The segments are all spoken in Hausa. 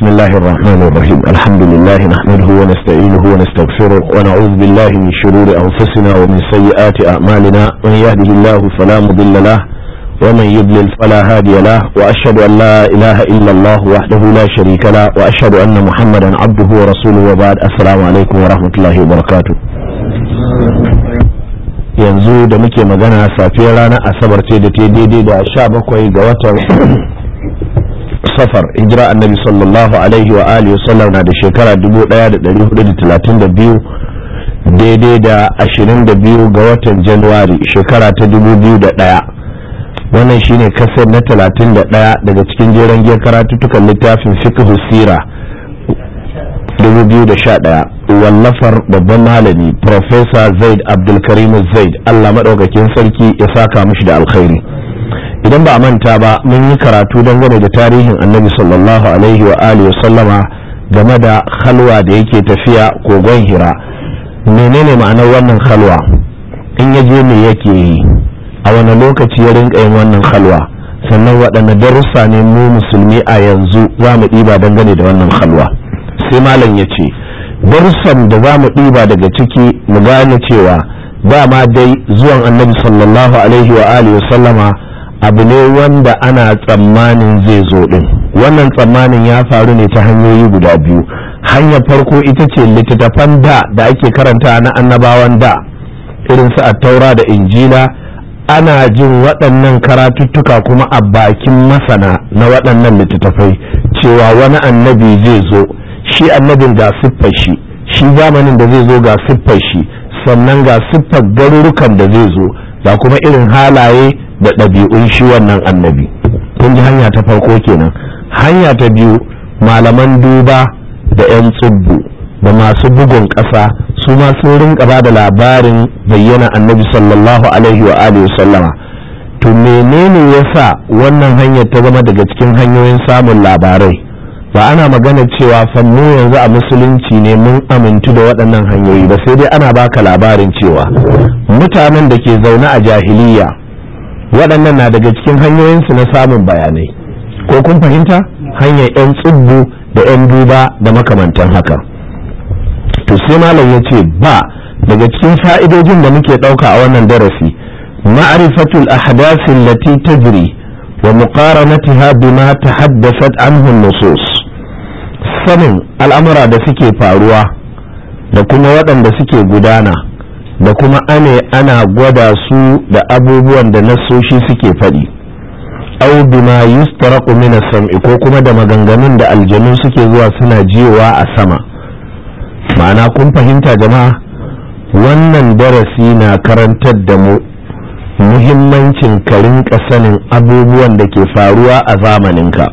بسم الله الرحمن الرحيم الحمد لله نحمده ونستعينه ونستغفره ونعوذ بالله من شرور أنفسنا ومن سيئات أعمالنا من يهده الله فلا مضل له ومن يضلل فلا هادي له وأشهد أن لا إله إلا الله وحده لا شريك له وأشهد أن محمدا عبده ورسوله وبعد السلام عليكم ورحمة الله وبركاته yanzu da muke magana safiyar ranar asabar ce da ta daidai da 17 ga watan safar hijira annabi sallallahu alaihi wa alihi wasallam na da shekara 1432 daidai da 22 ga watan januwari shekara ta 2001 wannan shine kasar na 31 daga cikin jeren giyar karatuttukan littafin fiqh sira 2011 wallafar babban malami professor zaid abdulkarim zaid allah maɗaukakin sarki ya saka mishi da alkhairi idan ba a manta ba mun yi karatu dangane da tarihin annabi sallallahu alaihi wa alihi sallama game da halwa da yake tafiya kogon hira menene ma'anar wannan halwa in ya je me yake yi a wani lokaci ya rinka yin wannan halwa sannan waɗanne darussa ne mu musulmi a yanzu za mu ɗiba dangane da wannan halwa sai malam ya ce darussan da za mu ɗiba daga ciki mu gane cewa dama dai zuwan annabi sallallahu alaihi wa alihi sallama abu ne wanda ana tsammanin zai zo din wannan tsammanin ya faru ne ta hanyoyi guda biyu hanyar farko ita ce littattafan da da ake karanta na annabawan da irin su taura da injila ana jin waɗannan karatuttuka kuma a bakin masana na waɗannan littattafai cewa wani annabi zai zo shi annabin ga siffar shi shi zamanin da zai zo ga siffar shi sannan ga siffar garurukan da zai zo ga kuma irin halaye da ɗabi'un shi wannan annabi kun ji hanya ta farko kenan hanya ta biyu malaman duba da 'yan tsubbu da masu bugun ƙasa su ma sun rinka ba da labarin bayyana annabi sallallahu alaihi wa alihi sallama to menene yasa wannan hanyar ta zama daga cikin hanyoyin samun labarai ba ana magana cewa fannu yanzu a musulunci ne mun amintu da waɗannan hanyoyi ba sai dai ana baka labarin cewa mutanen da ke zaune a jahiliya waɗannan na daga cikin hanyoyinsu na samun bayanai ko kun fahimta hanyar 'yan tsibbu da 'yan duba da makamantan haka to sai malam ya ce ba daga cikin fa'idojin da muke ɗauka a wannan darasi ma'arifatul ahdasin lati tajri wa muqaranatiha bima tahaddathat anhu nusus sanin al'amura da suke faruwa da kuma waɗanda suke gudana da kuma ane ana gwada su da abubuwan da nasoshi suke faɗi au bima yustaraqu min as-sam'i ko kuma da maganganun da aljanu suke zuwa suna jewa a sama ma'ana kun fahimta jama'a wannan darasi na karantar da mu muhimmancin ka rinka sanin abubuwan da ke faruwa a zamanin ka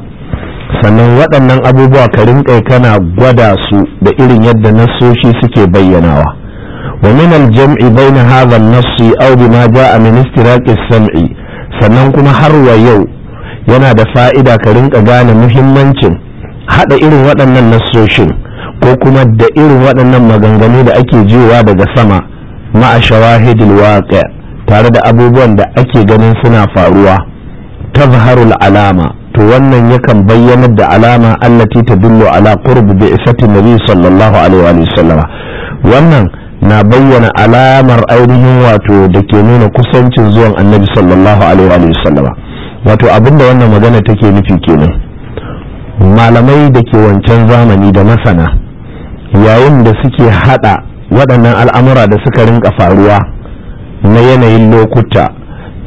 sannan waɗannan abubuwa ka rinka kana gwada su da irin yadda nassoshi suke bayyanawa ومن الجمع بين هذا النص أو بما جاء من استراك السمع sannan kuma har wa yau yana da fa'ida ka rinka gane muhimmancin haɗa irin waɗannan nassoshin ko kuma da irin waɗannan maganganu da ake jiwa daga sama ma'a shawahidul waƙe tare da abubuwan da ake ganin suna faruwa tazharul alama to wannan yakan bayyanar da alama allati tadullu ala qurb bi isati nabi sallallahu alaihi wa sallama wannan na bayyana alamar ainihin wato da ke nuna kusancin zuwan annabi sallallahu alaihi wa sallama wato abinda wannan magana take nufi kenan malamai da ke wancan zamani da masana yayin da suke hada waɗannan al'amura da suka rinka faruwa na yanayin lokuta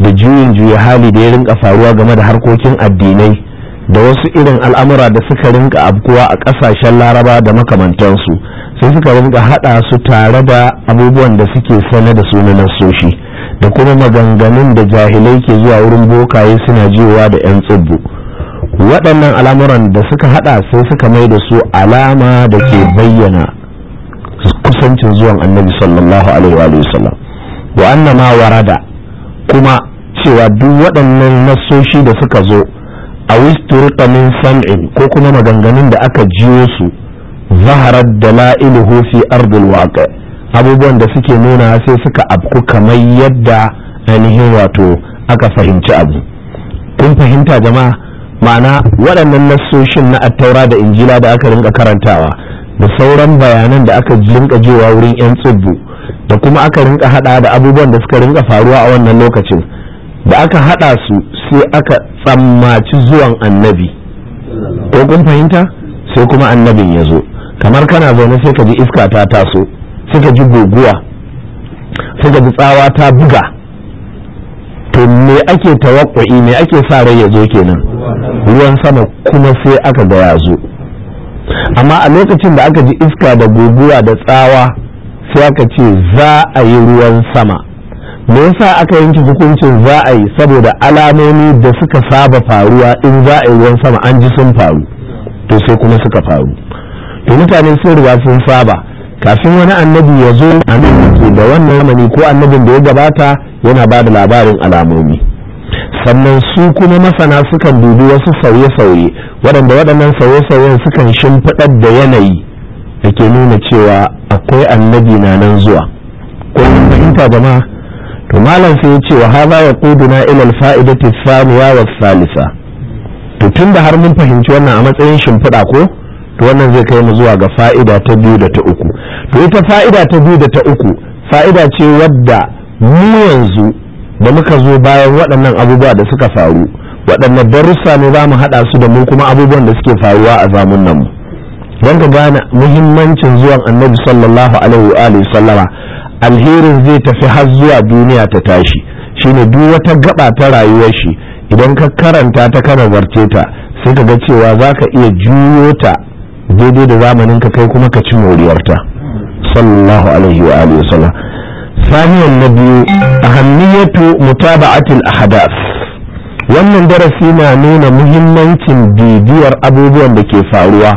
da juyin juya hali da ya rinka faruwa game da harkokin addinai da wasu irin al'amura da suka rinka abkuwa a ƙasashen laraba da makamantansu sai suka rinka haɗa su tare da abubuwan da suke sane da sunanan soshi da kuma maganganun da jahilai ke zuwa wurin bokaye suna jiwa da 'yan tsibbu waɗannan al'amuran da suka haɗa sai suka mai da su alama da ke bayyana kusancin zuwan annabi sallallahu alaihi warada kuma cewa duk waɗannan nasoshi da suka zo a wisturuka min sam'in ko kuma maganganun da aka jiyo su zaharar La'ilu hufi ardul waƙe abubuwan da suke nuna sai suka afku kamar yadda ainihin wato aka fahimci abu kun fahimta jama'a ma'ana waɗannan nassoshin na attaura da injila da aka rinka karantawa da sauran bayanan da aka rinka jewa wurin 'yan tsibbu da kuma aka rinka hada da abubuwan da suka rinka faruwa a wannan lokacin da aka hada su sai aka tsammaci zuwan annabi ko kun fahimta sai kuma annabin ya zo kamar kana zaune sai ka ji iska ta taso sai ka ji guguwa sai ka ji tsawa ta buga to me ake tawakku'i me ake sa rai ya zo kenan ruwan sama kuma sai aka ga ya zo amma a lokacin da aka ji iska da guguwa da tsawa sai aka ce za a yi ruwan sama me yasa aka yanke hukuncin za a yi saboda alamomi da suka saba faruwa in za a yi ruwan sama an ji sun faru to sai kuma suka faru to mutane sun riga sun saba kafin wani annabi ya zo a nan yake da wannan zamani ko annabin da ya gabata yana ba da labarin alamomi sannan su kuma masana sukan dubi wasu sauye-sauye waɗanda waɗannan sauye-sauyen sukan shimfiɗar da yanayi da ke nuna cewa akwai annabi na nan zuwa ko fahimta jama'a to malam sai ya ce wa ya yaquduna ila al-fa'idati thaniya wa Salisa? thalitha to tunda har mun fahimci wannan a matsayin shimfiɗa ko to wannan zai kai mu zuwa ga fa'ida ta biyu da ta uku to ita fa'ida ta biyu da ta uku fa'ida ce wadda mu yanzu da muka zo bayan waɗannan abubuwa da suka faru waɗannan darussa ne za mu haɗa su da mu kuma abubuwan da suke faruwa a zamun nan mu don ka gane muhimmancin zuwan annabi sallallahu alaihi wa sallama alherin zai tafi har zuwa duniya ta tashi shine duk wata gaba ta rayuwar shi idan ka karanta ta kana zarce ta sai ka ga cewa za ka iya juyo ta daidai da zamanin ka kai kuma ka ci moriyarta sallallahu alaihi wa alihi wasallam saniyan na biyu ahammiyatu mutaba'atil ahadath wannan darasi na nuna muhimmancin bibiyar abubuwan da ke faruwa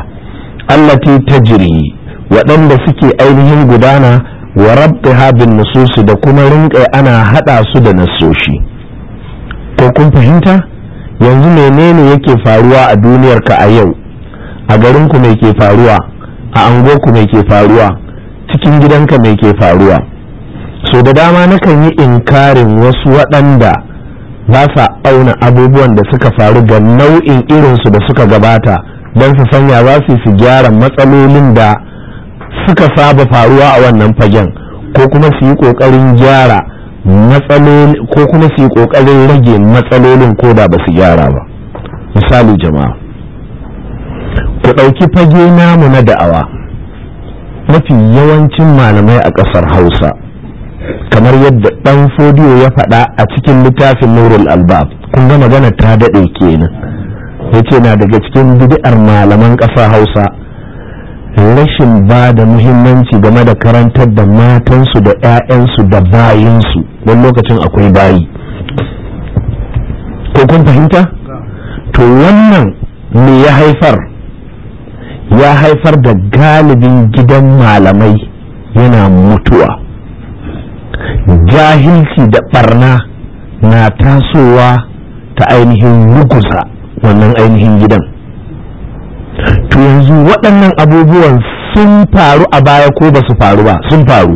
allati tajri waɗanda suke ainihin gudana wa rabtiha habin nususi da kuma rinƙa ana haɗa su da nasoshi ko kun fahimta yanzu menene yake faruwa a duniyarka a yau a garin ku mai ke faruwa a ku mai ke faruwa cikin gidanka mai ke faruwa so da dama nakan yi inkarin wasu waɗanda ba sa auna abubuwan da suka faru ga nau'in irinsu da suka gabata don su sanya za su gyara matsalolin da suka saba faruwa a wannan fagen ko kuma su yi ƙoƙarin gyara matsaloli ko kuma su yi kokarin rage matsalolin ko da ba su gyara ba misali jama'a ku ɗauki fage namu na da'awa mafi yawancin malamai a ƙasar hausa kamar yadda ɗan fodiyo ya faɗa a cikin littafin nurul albab kun ga magana ta daɗe kenan ya ce na daga cikin bid'ar malaman ƙasar hausa rashin ba da muhimmanci game da karantar da matansu da 'ya'yansu da bayinsu don lokacin akwai bayi ko kun fahimta to wannan me ya haifar ya haifar da galibin gidan malamai yana mutuwa jahilci da barna na tasowa ta ainihin rugusa wannan ainihin gidan to yanzu waɗannan abubuwan sun faru a baya ko ba su faru ba sun faru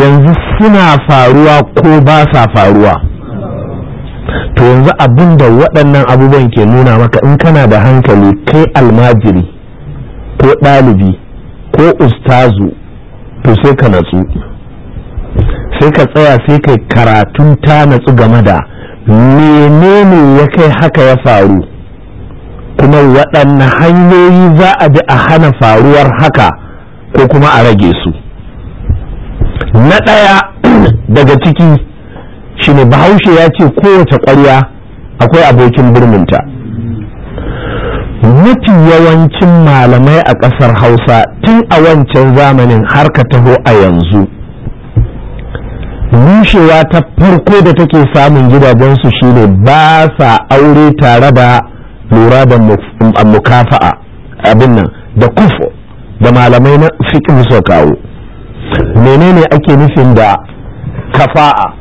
yanzu suna faruwa ko ba sa faruwa to yanzu abin da waɗannan abubuwan ke nuna maka in kana da hankali kai almajiri ko ɗalibi ko ustazu to sai ka natsu sai ka tsaya sai kai karatun ta natsu game da menene ya kai haka ya faru kuma waɗanne hanyoyi za a bi a hana faruwar haka ko kuma a rage su na ɗaya daga ciki shine bahaushe ya ce kowace ƙwarya akwai abokin birninta mafi yawancin malamai a ƙasar hausa tun a wancan zamanin har ka taho a yanzu rushewa ta farko da take samun gidajensu shine ba sa aure tare da lura da mukafa'a abin nan da kufu da malamai na fiƙin su kawo menene ake nufin da kafa'a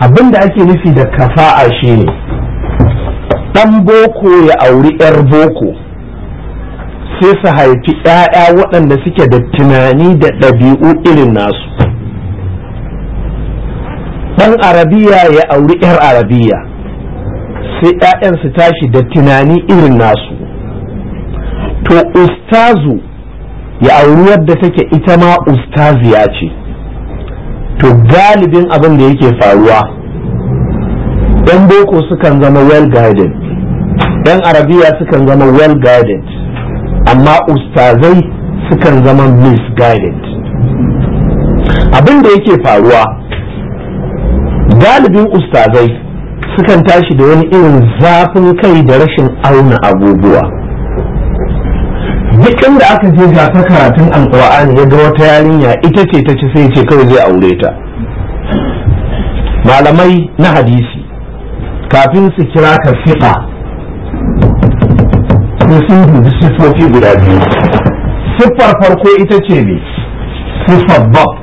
abin da ake nufi da kafa'a shi ne. ɗan boko ya auri yar boko sai su haifi 'ya'ya waɗanda suke da tunani da ɗabi'u irin nasu ɗan arabiya ya auri 'yar arabiya sai 'ya'yan su tashi da tunani irin nasu to ustazu ya auri wadda take ita ma ustaziya ce to galibin abin da yake faruwa ɗan boko sukan zama well guided ɗan arabiya sukan zama well guided amma ustazai sukan zama misguided abin da yake faruwa galibin ustazai sukan tashi da wani irin zafin kai da rashin auna abubuwa duk inda aka je ga ta karatun alkur'ani ya ga wata yarinya ita ce ta ci sai ce kawai zai aure ta malamai na hadisi kafin su kira ka fiƙa sai sun dubi siffofi guda biyu siffar farko ita ce ne siffar bab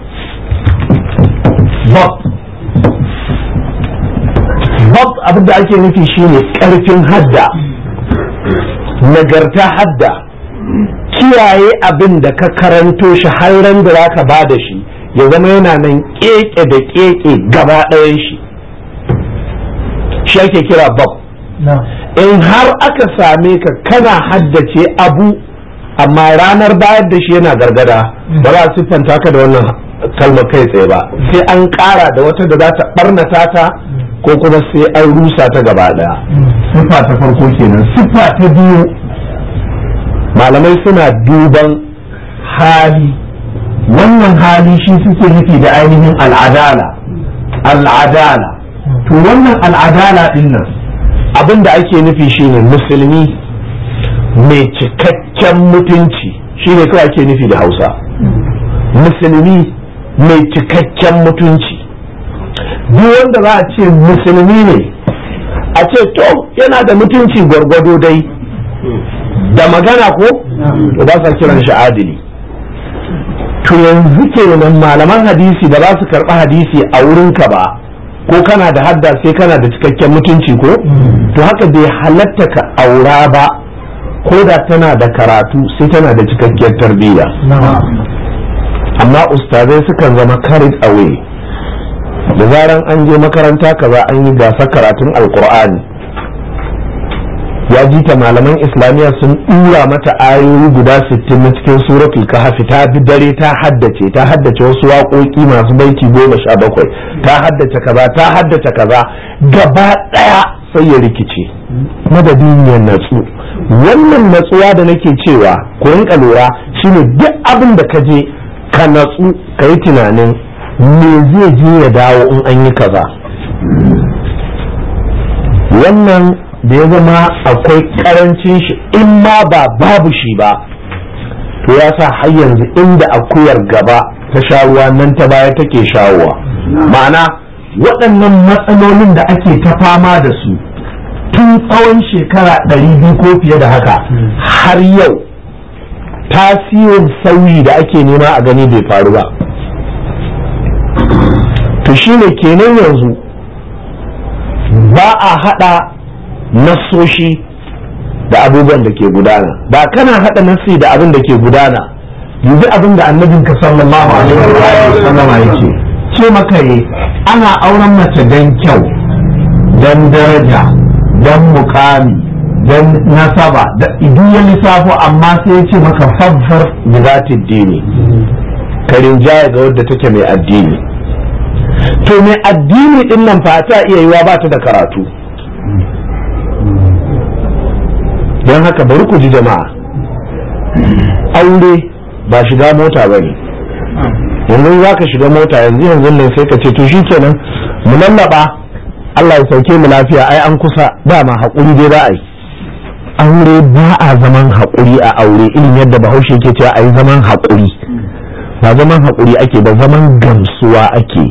bab abab abin da ake nufi shine karfin hadda nagarta hadda kiyaye abin da ka karanto shi hairan da za ka ba da shi ya zama yana nan keke da keke gaba ɗayan shi shi ake kira bab in har aka same ka kana haddace abu amma ranar bayar da shi yana gargada ba za su siffanta ka da wannan kalmar kai tsaye ba sai an ƙara da wata da za ta ɓarnata ta ko kuma sai an rusa ta gaba daya siffa ta farko kenan siffa ta biyu malamai suna duban hali wannan hali shi suke nufi da ainihin al'adala al'adala to wannan al'adala din nan abin da ake nufi shine musulmi mai cikakken mutunci shine kawai ake nufi da hausa musulmi mai cikakken mutunci duk wanda za a ce musulmi ne a ce to yana da mutunci gwargwado dai da magana ko to ba sa kiran shi adili to yanzu kenan malaman hadisi ba za su karɓi hadisi a wurinka ba ko kana da hadda sai kana da cikakken mutunci ko to haka bai halatta ka aura ba ko da tana da karatu sai tana da cikakken tarbiyya amma ustazai sukan zama carried away da zaran an je makaranta kaza an yi gasa karatun alkur'ani ya ji ta malaman islamiyya sun ɗura mata ayoyi guda sittin na cikin suratul kahfi ta bi dare ta haddace ta haddace wasu waƙoƙi masu baiti goma sha bakwai ta haddace kaza ta haddace kaza gaba ɗaya sai ya rikice madadin ya natsu wannan natsuwa da nake cewa ko in shine duk abin da ka je ka natsu ka yi tunanin me zai je ya dawo in an yi kaza wannan da ya zama akwai karancin shi in ma ba babu shi ba to ya sa har yanzu inda akuyar gaba ta sha nan ta baya take shawowa ma'ana waɗannan matsalolin da ake ta fama da su tun tsawon shekara ɗari biyu ko fiye da haka har yau tasirin sauyi da ake nema a gani bai faru ba to shine kenan yanzu ba a hada nasoshi da abubuwan da ke gudana ba kana hada nasi da abin da ke gudana yanzu abin da annabin ka sallallahu alaihi wa sallam yake ce maka yi ana auren mace don kyau don daraja don mukami don nasaba da idu ya lissafo amma sai ya ce maka za ta dini karin jaya ga wadda take mai addini to mai addini din nan fa ta iya yiwa ba ta da karatu don haka bari ku ji jama'a aure ba shiga mota ba ne yanzu za ka shiga mota yanzu yanzu nan sai ka ce to shi kenan mu lallaba Allah ya sauke mu lafiya ai an kusa ba ma haƙuri dai za a yi aure ba a zaman haƙuri a aure irin yadda bahaushe ke cewa a yi zaman haƙuri ba zaman haƙuri ake ba zaman gamsuwa ake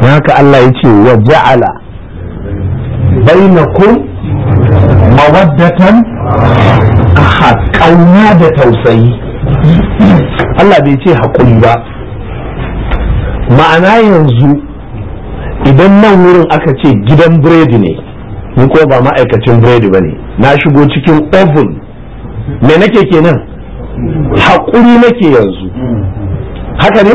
don haka Allah ya ce wa ja'ala bainakum mawaddatan aha kauna da tausayi Allah bai ce haƙuri ba ma'ana yanzu idan nan wurin aka ce gidan biredi ne ni ko ba ma'aikacin biredi ba ne na shigo cikin oven me nake kenan haƙuri nake yanzu haka ne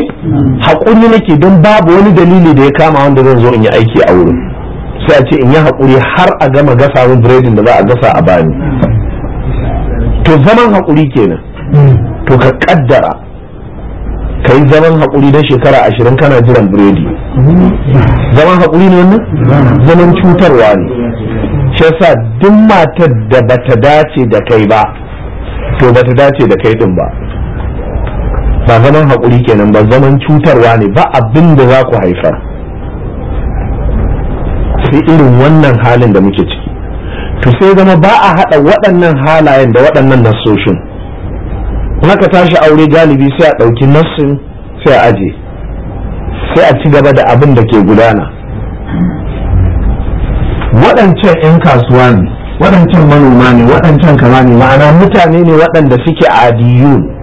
haƙuri nake don babu wani dalili da ya kama wanda zan zo in yi aiki a wurin sai a ce in yi haƙuri har a gama gasa min biredin da za a gasa a bani to zaman haƙuri kenan to ka kaddara ka yi zaman haƙuri na shekara ashirin kana jiran biredi zaman haƙuri ne wannan zaman cutarwa ne shi yasa duk matar da bata dace da kai ba to bata dace da kai din ba ba zaman haƙuri kenan ba zaman cutarwa ne ba abin da za ku haifar sai irin wannan halin da muke ciki to sai zama ba a haɗa waɗannan halayen da waɗannan nassoshin ka tashi aure galibi sai a ɗauki nassin sai a aje sai a ci gaba da abin da ke gudana waɗancan 'yan kasuwa ne waɗancan manoma ne waɗancan kama ne ma'ana mutane ne waɗanda suke adiyu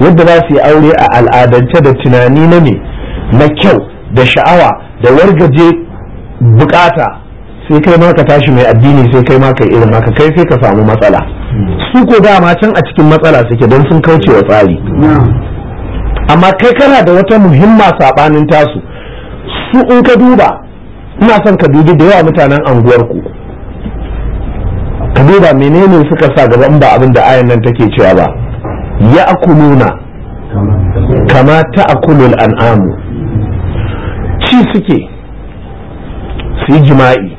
yadda za su yi aure a al'adance da tunani na ne na kyau da sha'awa da wargaje bukata sai kai ma ka tashi mai addini sai kai ma ka irin maka kai sai ka samu matsala su ko dama can a cikin matsala suke don sun kauce wa tsari amma kai kana da wata muhimma sabanin tasu su in ka duba ina son ka dubi da yawa mutanen anguwarku ka duba menene suka sa gaban ba abin da ayan nan take cewa ba ya akuluna kama ta akulul an'amu ci suke su yi jima'i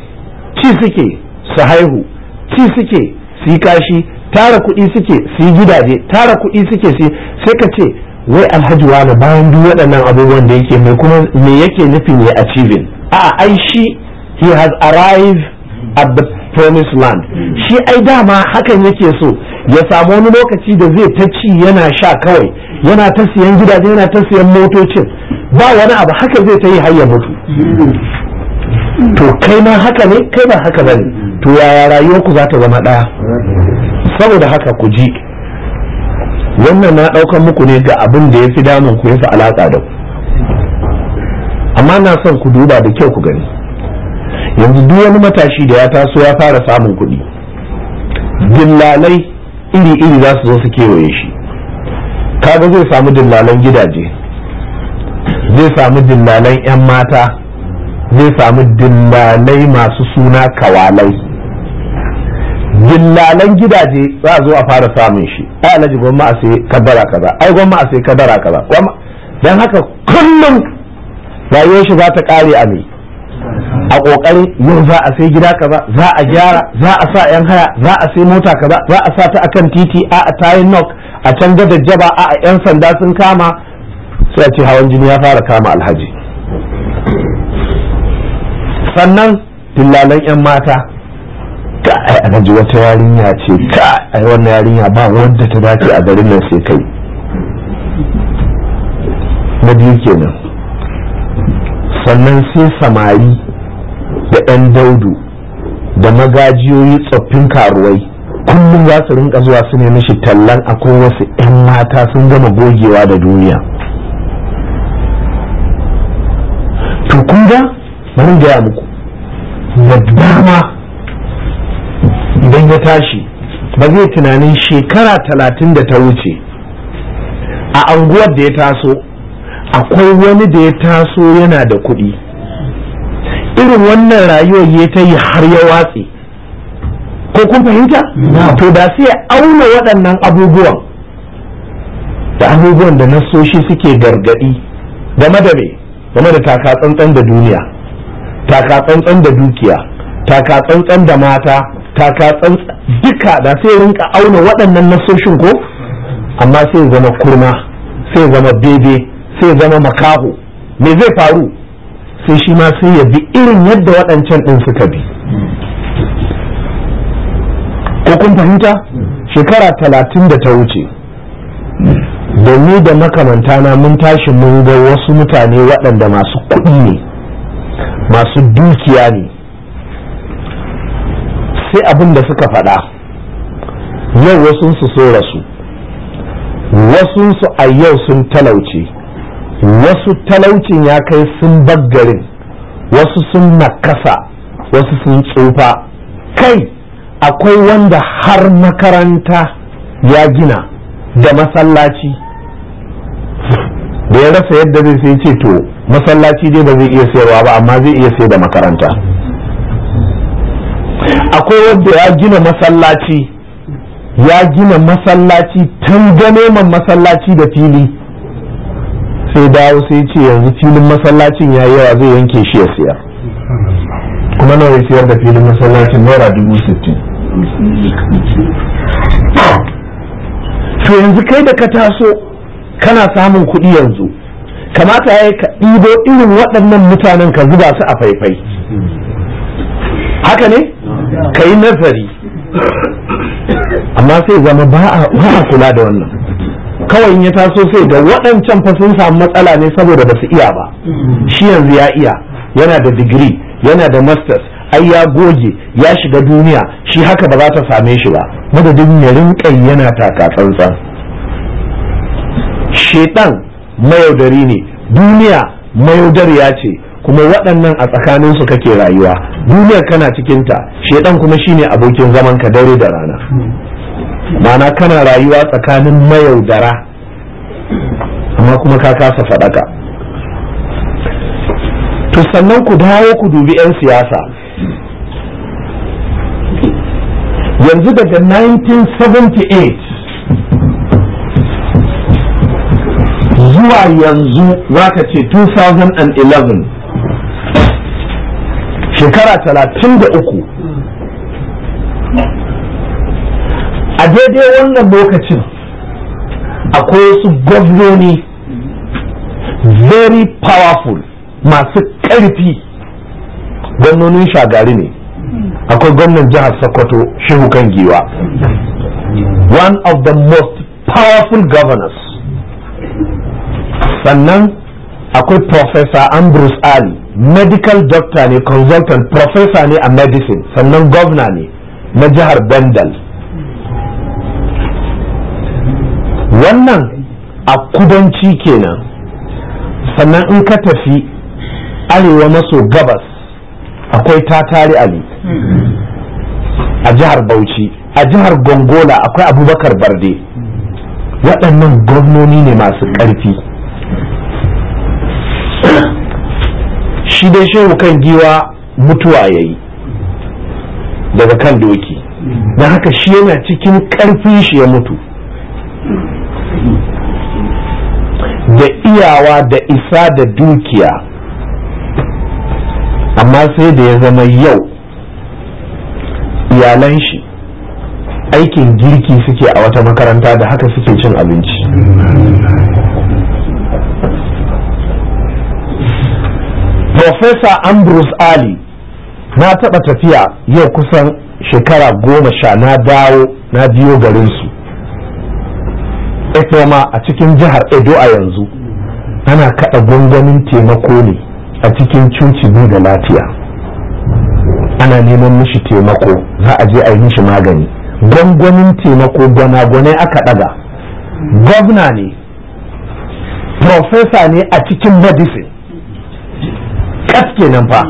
ci suke su haihu ci suke su yi kashi tara kuɗi suke su yi gidaje tara kuɗi suke su sai ka ce wai alhaji wani bayan duk waɗannan abubuwan da yake mai kuma me yake nufin ya achieving A'a, ai shi he has arrived at the promised land hmm. shi ai dama hakan yake so ya samu wani lokaci da zai ta ci yana sha kawai yana ta siyan gidaje yana ta siyan motocin ba wani abu haka zai ta yi har ya mutu hmm. to kai ma haka ne kai ba haka bane hmm. to yaya rayuwar ku za ta zama ɗaya saboda haka ku ji wannan na ɗaukan muku ne ga abin da yafi damun ku ya fi alaƙa da ku amma na son ku duba da kyau ku gani yanzu duk wani matashi da ya taso ya fara samun kuɗi dillalai iri-iri za su zo su kewaye shi kaga zai samu dillalan gidaje zai samu dillalan 'yan mata zai samu dillalai masu suna kawalai dillalan gidaje za a zo a fara samun shi ai alaji gwamma a sai kadara kaza ai gwamma a sai kadara kaza don haka kullum rayuwar shi za ta kare a mai a kokarin yau za a sai gida kaza za a gyara za a sa yan haya za a sai mota kaza za a sa ta akan titi a a tayin nok a can da jaba a a yan sanda sun kama sai a ce hawan jini ya fara kama alhaji sannan dillalan yan mata ka ai alhaji wata yarinya ce ka ai wannan yarinya ba wanda ta dace a garin nan sai kai na kenan sannan sai samari da ɗan daudu da magajiyoyi tsoffin karuwai kullum za su rinka zuwa su nemi shi tallan akwai wasu 'yan mata sun gama gogewa da duniya to kun ga bari gaya muku da dama idan ya tashi ba zai tunanin shekara talatin da ta wuce a anguwar da ya taso akwai wani da ya taso yana da kuɗi irin wannan rayuwar ya ta yi har ya watse ko kun fahimta to da sai ya auna waɗannan abubuwan da abubuwan da nasoshi suke gargaɗi game da me game da taka tsantsan da duniya taka tsantsan da dukiya taka tsantsan da mata taka tsantsan duka da sai rinka auna waɗannan nasoshin ko amma sai zama kurma sai zama bebe sai zama makaho me zai faru sai shi ma sai ya bi irin yadda waɗancan ɗin suka bi ko kun fahimta shekara talatin da ta wuce Da ni da makamanta na mun tashi mun ga wasu mutane waɗanda masu kuɗi ne masu dukiya ne sai abin da suka faɗa yau wasunsu sun rasu wasunsu a yau sun talauce wasu talaucin ya kai sun baggarin wasu sun nakasa wasu sun tsufa kai akwai wanda har makaranta ya gina da masallaci da ya rasa yadda zai sai ce to masallaci dai ba zai iya sayarwa ba amma zai iya sai da makaranta akwai wanda ya gina masallaci ya gina masallaci tun masallaci da fili sai dawo sai ce yanzu filin masallacin ya yi yawa zai yanke shi ya siya kuma nawa ya siyar da filin masallacin naira dubu sittin to yanzu kai da ka taso kana samun kuɗi yanzu kamata ya yi ka ɗibo irin waɗannan mutanen ka zuba su a faifai haka ne ka yi nazari amma sai zama ba a kula da wannan kawai ya taso sai da waɗancan fa sun samu matsala ne saboda ba su iya ba shi yanzu ya iya yana da digiri yana da masters ai ya goge ya shiga duniya shi haka ba za ta same shi ba madadin ya rinka yana taka tsantsan shedan mayaudari ne duniya mayaudariya ce kuma waɗannan a tsakaninsu kake rayuwa duniyar kana cikinta shedan kuma shine abokin zaman ka dare da rana mana kana rayuwa tsakanin mayaudara amma kuma ka kasa faɗaka to sannan ku dawo ku dubi 'yan siyasa yanzu daga 1978 zuwa yanzu za ka ce 2011 shekara 33 a daidai wannan lokacin akwai wasu gwamnoni very powerful masu ƙarfi gwamnonin shagari ne akwai gwamnan jihar sokoto shehu kan giwa one of the most powerful governors sannan akwai professor ambrose ali medical doctor ne consultant professor ne a medicine sannan gwamna ne na jihar bendal wannan a kudanci kenan sannan in ka tafi arewa maso gabas akwai tatari ali a jihar bauchi a jihar gongola akwai abubakar barde waɗannan gwamnoni ne masu ƙarfi shi dai shehu kan giwa mutuwa ya yi daga kan doki don haka shi yana cikin ƙarfin shi ya mutu da iyawa da isa da dukiya amma sai da ya zama yau iyalan shi aikin girki suke a wata makaranta da haka suke cin abinci Profesa Ambrose Ali na taɓa tafiya yau kusan shekara goma sha na dawo na biyo garinsu ma a cikin jihar edo a yanzu ana kaɗa gwangwamin taimako ne a cikin cuci biyu da lafiya ana neman mishi taimako za a je a yi mishi magani gwangwamin taimako gwanagwanai aka ɗaga gwamna ne profesa ne a cikin medicine Kaske nan fa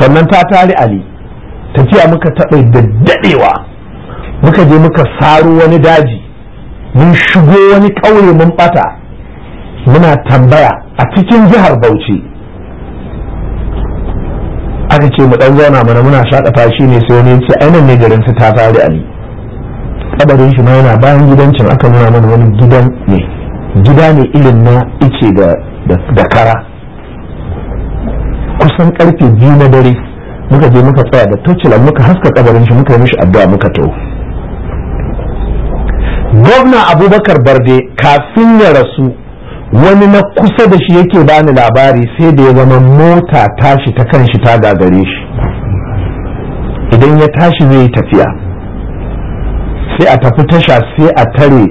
sannan ta tari ali tafiya muka taɓa da daɗewa muka je muka saro wani daji mun shigo wani ƙauye mun bata muna tambaya a cikin jihar bauchi aka ce mu dan zauna mana muna shaƙata shi ne sai wani ya ce ainihin ne garin su ta fari ali kabarin shi ma yana bayan gidancin aka nuna mana wani gidan ne gida ne irin na ice da kara kusan karfe biyu na dare muka je muka tsaya da tocilan muka haska kabarin shi muka yi mishi addu'a muka taho gwamna abubakar barde kafin ya rasu wani na kusa da shi yake bani labari sai da ya zama mota tashi ta kan shi ta gagare shi idan ya tashi zai tafiya sai a tafi tasha sai a tare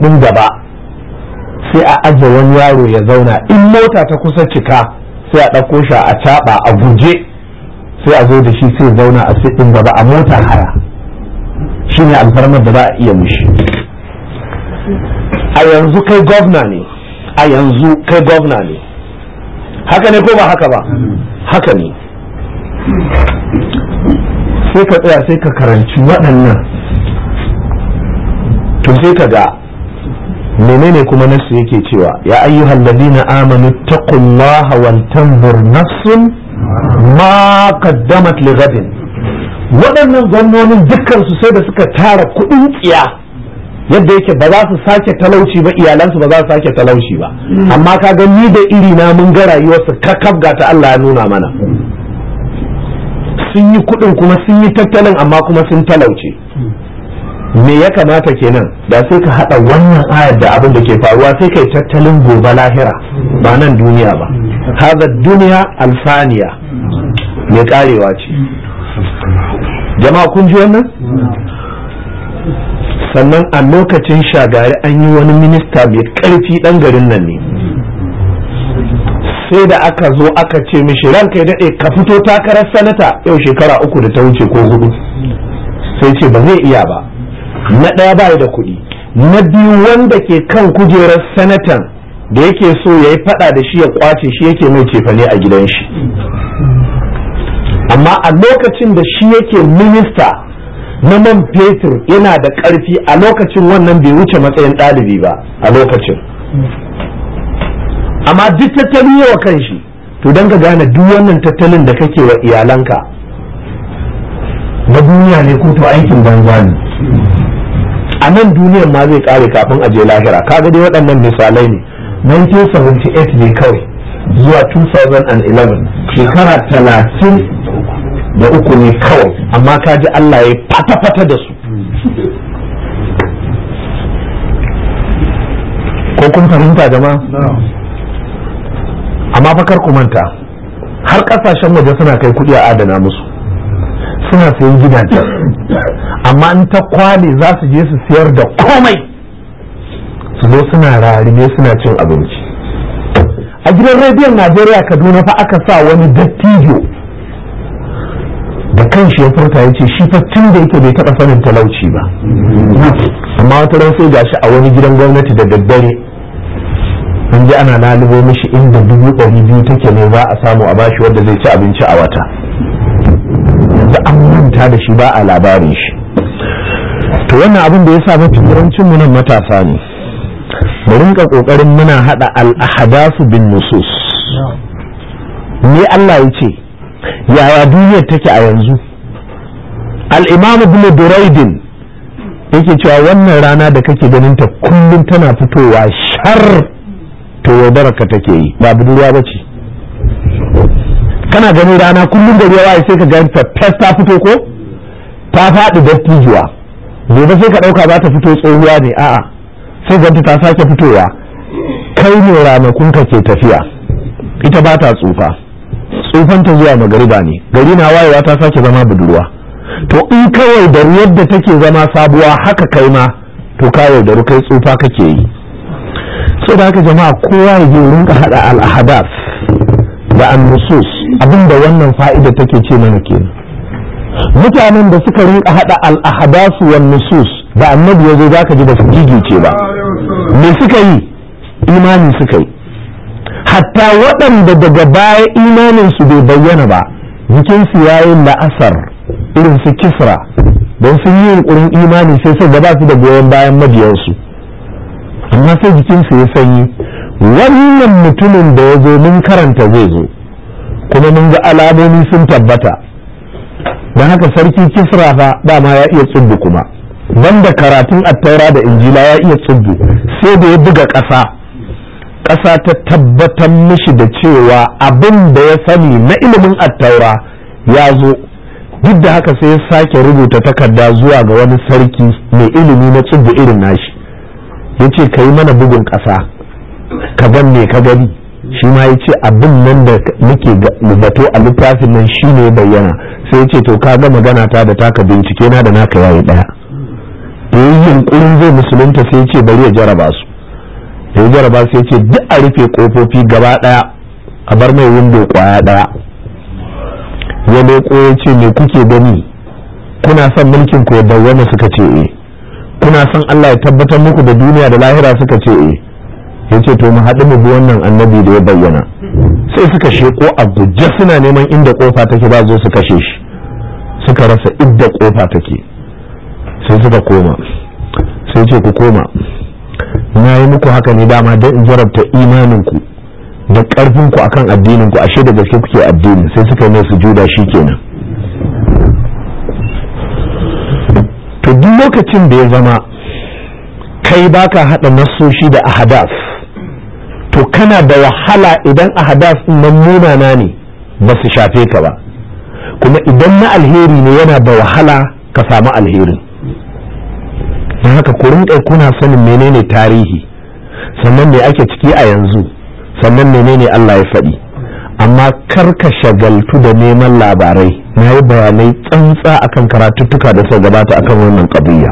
ɗin gaba sai a ajiye wani yaro ya zauna in mota ta kusa cika sai a ɗauko shi a caɓa a guje sai a zo da shi sai zauna a ɗin gaba a mota haya shine alfarmar da za a iya mushi a yanzu kai gwamna ne a yanzu kai gwamna ne haka ne ko ba haka ba haka ne sai ka tsaya sai ka karanci waɗannan to sai ka ga menene kuma nasu yake cewa ya ayyuhal ladina amanu taqullaha wal tanzur nafsun ma qaddamat li waɗannan gwamnonin dukkan su sai da suka tara kuɗin tsiya yadda yake ba za su sake talauci ba iyalansu ba za su sake talauci ba amma ka ga ni da iri na mun ga rayuwarsu kakaf ga ta Allah ya nuna mana sun yi kuɗin kuma sun yi tattalin amma kuma sun talauci. me ya kamata kenan da sai ka haɗa wannan ayar da abin da ke faruwa sai kai tattalin gobe lahira ba nan duniya ba haza duniya alfaniya mai karewa ce jama'a kun ji wannan sannan a lokacin shagari an yi wani minista mai karfi ɗan garin nan ne sai da aka zo aka ce mishi ranka kai daɗe ka fito takarar sanata yau shekara uku da ta wuce ko hudu sai ce ba zai iya ba na ɗaya ba da kuɗi na biyu wanda ke kan kujerar sanatan da yake so ya yi faɗa da shi ya kwace shi yake mai cefane a gidan shi amma a lokacin da shi yake minista na man fetur yana da ƙarfi a lokacin wannan bai wuce matsayin ɗalibi ba a lokacin amma duk tattali yawa kan shi to don ka gane duk wannan tattalin da kake wa iyalanka na duniya ne ko to aikin banza ne a nan duniyar ma zai kare kafin a je lahira kaga dai waɗannan misalai ne 1978 ne kawai zuwa 2011 shekara talatin da uku ne kawai amma ka ji Allah ya fata-fata da su ko kun fahimta jama? amma fakar ku manta har kasashen waje suna kai kuɗi a adana musu suna sayan gidaje amma in ta kwale za su je su siyar da komai su zo suna rarime suna cin abinci a gidan rediyon najeriya kaduna fa aka sa wani dattijo kan shi ya furta ya ce shi tun da yake bai taɓa sanin talauci ba amma wata ran sai gashi a wani gidan gwamnati da daddare an ji ana lalubo mishi inda dubu ɗari biyu take ne ba a samu a bashi wanda zai ci abinci a wata yanzu an manta da shi ba a labarin shi to wannan abin da ya sa mafi yawancin mu nan matasa ne mu rinka kokarin muna hada al-ahdasu bin nusus ne Allah ya ce yaya duniyar take a yanzu al'imam ibn duraidin yake cewa wannan rana da kake ganin ta kullum tana fitowa shar to yaudararka take yi ba budurwa ba ce kana ganin rana kullum da yawa sai ka gani fes ta fito ko ta faɗi dattijuwa gobe sai ka ɗauka za ta fito tsohuwa ne a'a sai ganta ta sake fitowa kai ne ranakun ka ke tafiya ita ba ta tsufa tsufanta zuwa magariba ne gari na wayewa ta sake zama budurwa to in kawai da yadda take zama sabuwa haka kai ma to kawai da kai tsufa kake yi so da haka jama'a kowa ya yi rinka hada al'ahadas da annusus abinda wannan fa'ida take ce mana ke? mutanen da suka rinka haɗa al'ahadasu wa nusus da annabi yazo zaka ji ba su gigice ba me suka yi imani suka yi hatta waɗanda daga baya imaninsu bai bayyana ba jikinsu ya yi la'asar irin su kisra don sun yi yunkurin imani sai sai gaba su da goyon bayan mabiyansu amma sai jikinsu ya sanyi wannan mutumin da ya zo mun karanta zai zo kuma mun ga alamomi sun tabbata da haka sarki kisra fa dama ya iya tsubbu kuma banda karatun attaura da injila ya iya tsubbu sai da ya buga ƙasa ƙasa ta tabbatar mishi da cewa abin da ya sani na ilimin attaura ya zo duk da haka sai ya sake rubuta takarda zuwa ga wani sarki mai ilimi na cibbi irin nashi ya ce ka yi mana bugun ƙasa ka gan ne ka gani shi ma ya ce abin nan da muke zato a littafin nan shi ne bayyana sai ya ce to ka ga magana ta da taka bincike na da naka yayi ɗaya da yi zai musulunta sai ya ce bari ya jaraba su da ya jaraba sai ce duk a rufe kofofi gaba daya a bar mai windo kwaya daya ya leko ya ce me kuke gani kuna son mulkin ku yadda wani suka ce e kuna son Allah ya tabbatar muku da duniya da lahira suka ce e ya ce to mu haɗu mu bi wannan annabi da ya bayyana sai suka sheko a guje suna neman inda kofa take ba zo su kashe shi suka rasa idda kofa take sai suka koma sai ce ku koma na yi muku haka ne dama don in jarabta imaninku da ƙarfinku kan addininku ashe da gaske kuke addini sai suka mai shi kenan to duk lokacin da ya zama kai baka haɗa nasoshi da ahadas, to kana da wahala idan ahadas nan munana ne ba su shafe ka ba kuma idan na alheri ne yana da wahala ka samu alherin don haka ku kuna sanin menene tarihi sannan me ake ciki a yanzu sannan menene Allah ya faɗi amma kar ka shagaltu da neman labarai na yi bayanai tsantsa akan karatuttuka da suka gabata akan wannan kabiya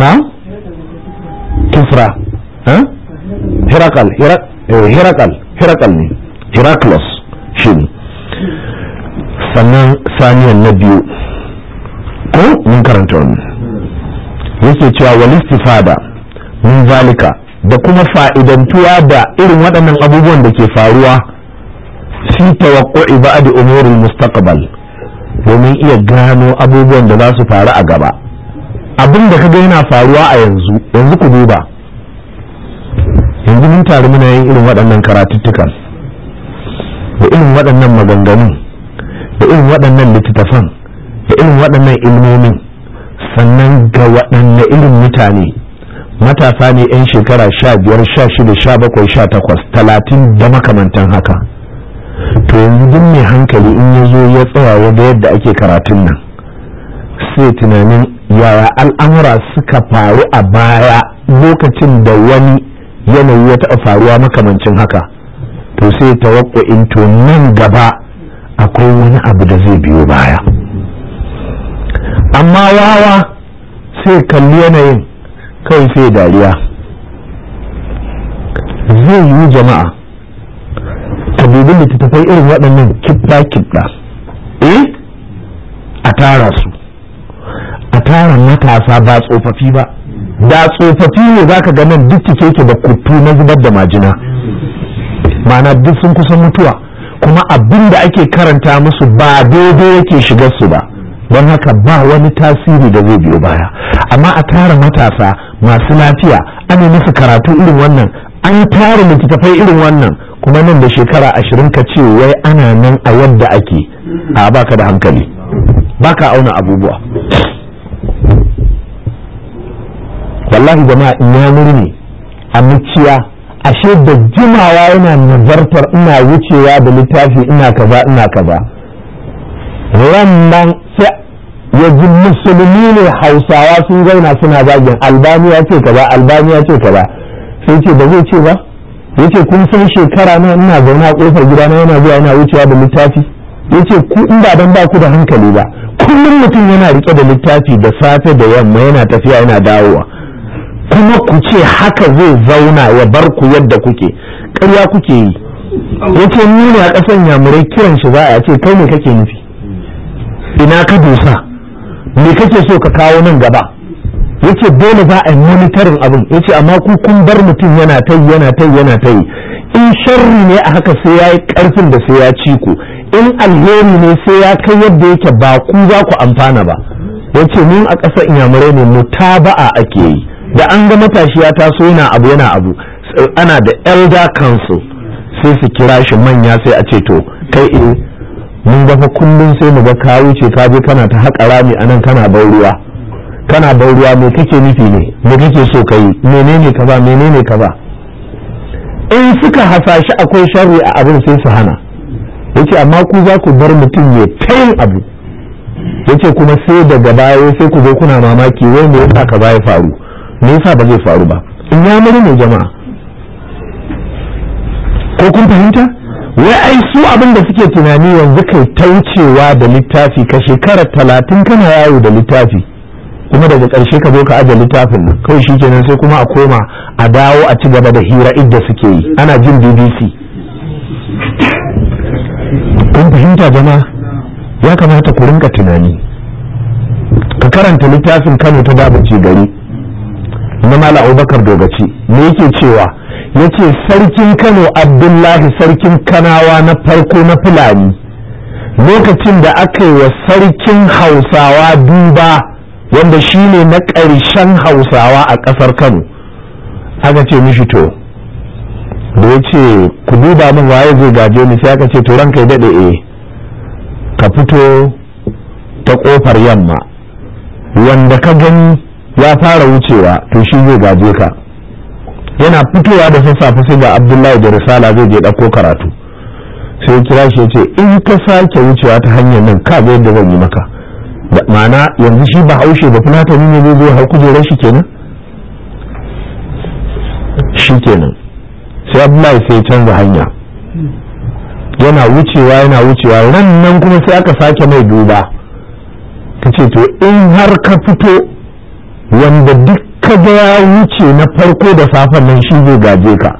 na kifra eh, hirakal hirakal ne heraklus shi ne sannan saniyan na biyu ko mun karanta wannan yake cewa wal istifada min zalika da kuma fa'idantuwa da irin waɗannan abubuwan da ke faruwa fi tawaqqu'i ba'd umuril mustaqbal domin iya gano abubuwan da za su faru a gaba abin da kaga yana faruwa a yanzu yanzu ku duba yanzu mun taru muna yin irin waɗannan karatuttukan da irin waɗannan maganganun da irin waɗannan littattafan da irin waɗannan ilmomin sannan ga waɗanne irin mutane matasa ne 'yan shekara sha biyar sha shida sha bakwai sha takwas talatin da makamantan haka to yanzu duk mai hankali in ya zo ya tsaya ya yadda ake karatun nan sai tunanin yaya al'amura suka faru a baya lokacin da wani yanayi ya taɓa faruwa makamancin haka to sai tawakko in to nan gaba akwai wani abu da zai biyo baya amma wawa sai kalli yanayin kawai sai dariya zai yi jama'a ta dubi littattafai irin waɗannan kibba kibba eh a tara su a tara matasa ba tsofaffi ba da tsofaffi ne za ka nan duk cike da kutu na zubar da majina mana duk sun kusan mutuwa kuma abin da ake karanta musu ba daidai yake shigar su ba don haka ba wani tasiri da zai biyo baya amma a tara matasa masu lafiya ana masa karatu irin wannan an tara littattafai irin wannan kuma nan da shekara ashirin ka ce wai ana nan a yadda ake a baka da hankali baka auna abubuwa wallahi jama'a inyamuri murni a muciya ashe da jimawa yana nazartar ina wucewa da littafi ina kaza ina kaza wannan sai ya ji musulmi ne hausawa sun zauna suna zagin albaniya ce kaza ba ce kaza sai ce ba zai ce ba ya ce kun san shekara na ina zaune a kofar gida na yana zuwa yana wucewa da littafi ya ce ku in ba dan ba ku da hankali ba kullum mutum yana rike da littafi da safe da yamma yana tafiya yana dawowa kuma ku ce haka zai zauna ya bar ku yadda kuke karya kuke yi ya ce ni a ƙasan yamurai kiran shi za a ce kai ne kake nufi ina ka dosa me kake so ka kawo nan gaba yace dole za a yi monitoring abin yace amma ku kun bar mutum yana tai yana tai yana tai? in sharri ne a haka sai ya karfin da sai ya ci ku in alheri ne sai ya kai yadda yake ba ku za ku amfana ba yace mun a ƙasar inyamurai ne mutaba'a ake yi da an ga matashi ya taso yana abu yana abu ana da elder council sai su kira shi manya sai a ce to kai in eh, mun ga fa kullum sai mu ga ka wuce ka je kana ta haƙa rami anan kana bar ruwa kana bar ruwa me kake nufi ne me kake so ka yi menene ka ba in suka hasashi akwai sharri a abin sai su hana yace amma ku za ku bar mutum ya tayin abu yace kuma sai daga baya sai ku zo kuna mamaki wai me yasa kaza ya faru me yasa ba zai faru ba in ya ne jama'a ko kun fahimta wai ai su abin da suke tunani yanzu kai taucewa da littafi ka shekara talatin kana yawo da littafi kuma daga ƙarshe ka zo ka ajiye littafin nan kawai shi kenan sai kuma a koma a dawo a ci gaba da hira idda suke yi ana jin bbc kun fahimta jama ya kamata ku rinka tunani ka karanta littafin kano ta babu dabace gari na mala abubakar dogaci me yake cewa yake sarkin kano abdullahi sarkin kanawa na farko na fulani lokacin da aka yi wa sarkin hausawa duba wanda shi ne na ƙarshen hausawa a ƙasar kano aka ce mishi to da ya ce ku duba min waye zai gaje ni sai aka ce to ranka ya daɗe eh, ka fito ta ƙofar yamma wanda ka gani ya fara wucewa to shi zai gaje ka yana fitowa da sassafe sai ga abdullahi da risala zai je ɗauko karatu sai kira shi ya ce in ka sake wucewa ta hanyar nan ka ga yadda zan yi maka mana yanzu shi ba haushe ba fulatani ne zai zo hau kujerar shi kenan shi kenan sai abdullahi sai canza hanya yana wucewa yana wucewa ran nan kuma sai aka sake mai duba ka ce to in har ka fito wanda duka ka ga ya wuce na farko da safen nan shi zai gaje ka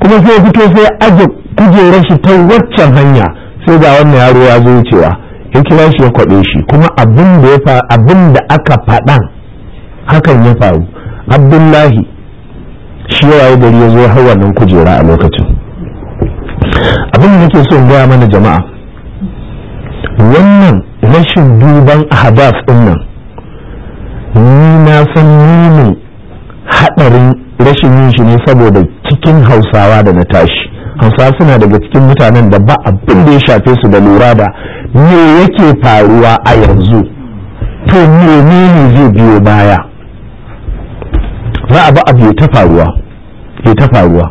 kuma sai fito sai aje kujerar shi ta waccan hanya sai ga wannan yaro ya zo wucewa ya kira shi ya kwaɗe shi kuma abin da aka faɗan hakan ya faru abdullahi shi ya gari ya zo har wannan kujera a lokacin abin da nake so in gaya mana jama'a wannan rashin duban ahadaf din nan ni na san ne haɗarin rashin yin shi ne saboda cikin hausawa da na tashi hausawa suna daga cikin mutanen da ba abin da ya shafe su da lura da me yake faruwa a yanzu to menene zai biyo baya za a ba abu ya ta faruwa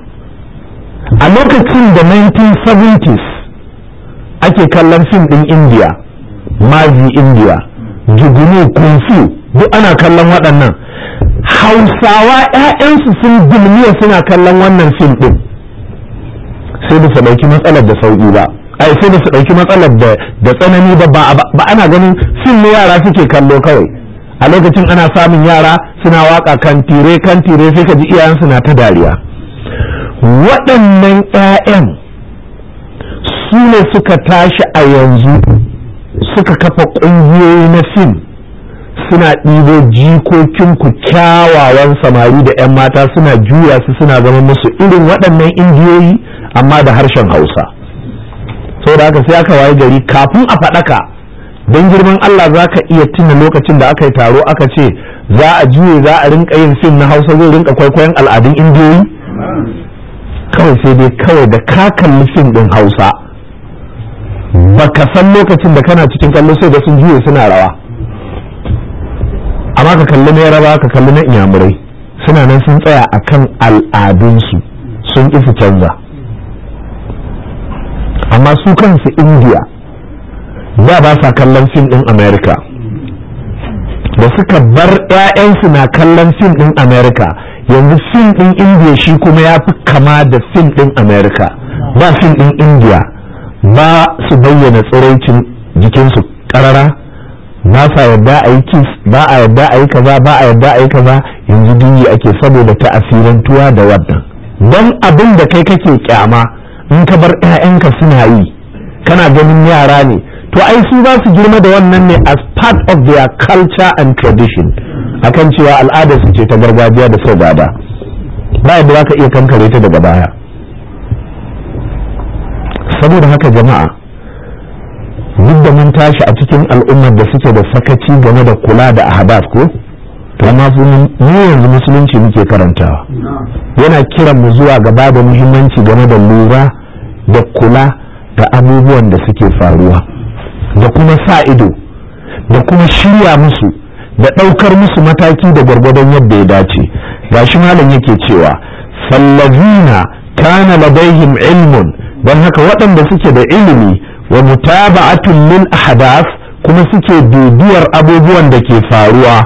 a lokacin da 1970s ake kallon fim ɗin india mazi india jugunu kung duk ana kallon waɗannan hausawa 'ya'yansu sun gulmiya suna kallon wannan fim ɗin sai da su ɗauki matsalar da sauƙi ba ai sai da su ɗauki matsalar da tsanani ba ba ana ganin fim ne yara suke kallo kawai a lokacin ana samun yara suna waka kan tire kan tire sai ka ji iyayensu na ta dariya waɗannan 'ya'yan su ne suka tashi a yanzu suka kafa ƙungiyoyi na fim suna ɗibo jikokinku kyawawan samari da 'yan mata suna juya su suna zama musu irin waɗannan indiyoyi amma da harshen hausa sau da haka sai aka waye gari kafin a faɗaka don girman allah za ka iya tuna lokacin da aka yi taro aka ce za a juye za a rinka yin fim na hausa zai rinka kwaikwayon al'adun indiyoyi kawai sai dai kawai da ka kalli fim ɗin hausa baka san lokacin da kana cikin kallo sai da sun juye suna rawa amma ka kalli na yaraba ka kalli na inyamurai suna nan sun tsaya a kan al'adunsu sun ƙi canza amma su kansu indiya da ba sa kallon fim ɗin america da suka bar 'ya'yansu na kallon fim ɗin america yanzu fim ɗin indiya shi kuma ya fi kama da fim ɗin america ba fim ɗin indiya ba su bayyana tsiraicin jikinsu ƙarara ba sa yadda a yi kis ba a yadda a yi kaza ba a yadda a yi kaza yanzu duniya ake saboda ta tuwa da wannan don abin da kai kake kyama in ka bar 'ya'yanka suna yi kana ganin yara ne to ai su za su girma da wannan ne as part of their culture and tradition akan cewa al'adar su ce ta gargajiya da sau gada ba yadda za ka iya kankare ta daga baya saboda haka jama'a duk da mun tashi a cikin al'ummar da suke da sakaci game da kula da ahadaf ko kuma mu yanzu musulunci muke karantawa yana kiran mu zuwa gaba da muhimmanci game da lura da kula da abubuwan da suke faruwa da kuma sa ido da kuma shirya musu da ɗaukar musu mataki da gwargwadon yadda ya dace ga shi malam yake cewa sallazina kana ladaihim ilmun don haka waɗanda suke da ilimi wa mutaba'atun min ahdath kuma suke bibiyar abubuwan da ke faruwa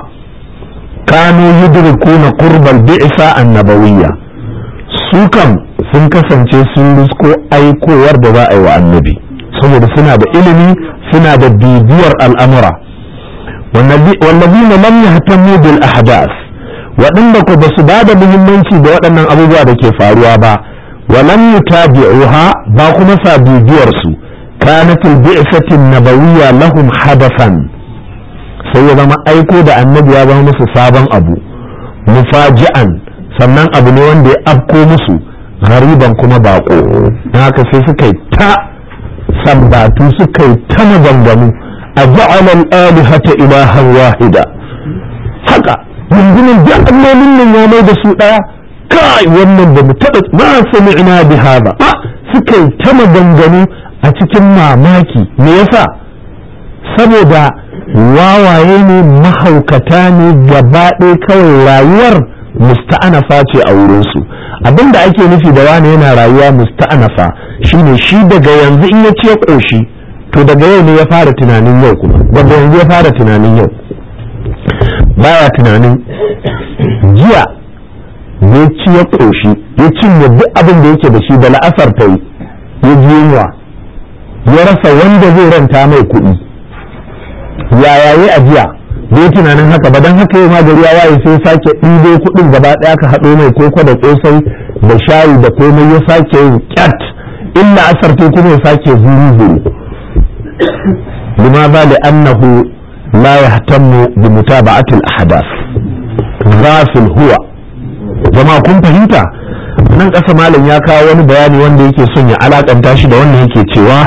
kanu yudrikuna qurbal bi'sa annabawiyya su kam sun kasance sun rusko aikowar da za a yi wa annabi saboda suna da ilimi suna da bibiyar al'amura wallazina lam yahtamu bil ahdath waɗanda ku ba su ba da muhimmanci da waɗannan abubuwa da ke faruwa ba walam yutabi'uha ba kuma sa bibiyar su bana kanatul bi'satin nabawiyya lahum hadasan sai ya zama aiko da annabi ya zama musu sabon abu mufaji'an sannan abu ne wanda ya afko musu gariban kuma bako na haka sai suka ta sambatu suka ta maganganu a ja'ala al-alihata ilahan wahida haka rungumin duk allolin nan ya mai da su daya kai wannan ba mu taɓa ma sami'na bi hada suka yi ta maganganu a cikin mamaki me yasa saboda wawaye ne mahaukata ne gaba ɗaya kawai rayuwar musta'anafa ce a wurinsu abinda ake nufi da wani yana rayuwa musta'anafa shine shi daga yanzu in ya ce ƙoshi to daga yau ne ya fara tunanin yau kuma daga yanzu ya fara tunanin yau baya tunanin jiya ya ci ya ƙoshi ya cinye duk abin da yake da shi da la'asar ta yi ya ji yunwa ya rasa wanda zai ranta mai kuɗi ya yi ajiya bai tunanin haka ba don haka yau magari ya waye sai sake ɗibo kuɗin gaba ɗaya ka haɗo mai koko da ƙosai da shayi da komai ya sake yin ƙyat in la'asar ta kuma ya sake zuru zuru lima ba da annahu la jama'a kun fahimta nan ƙasa malam ya kawo wani bayani wanda yake son ya alakanta shi da wanda yake cewa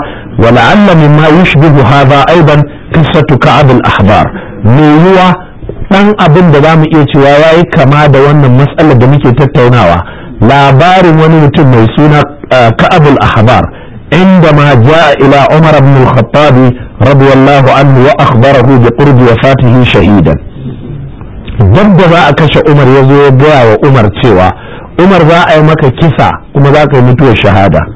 min ma yushbihu hadha aidan qissatu ka'ab al-ahbar me yuwa dan abin da zamu iya cewa yayi kama da wannan matsalar da muke tattaunawa labarin wani mutum mai suna eh, ka'ab al-ahbar عندما جاء إلى عمر بن الخطاب anhu wa عنه وأخبره بقرب وفاته shahidan. yadda za a kashe umar ya zo ya gaya wa umar cewa umar za a yi maka kisa kuma za ka yi mutuwar shahada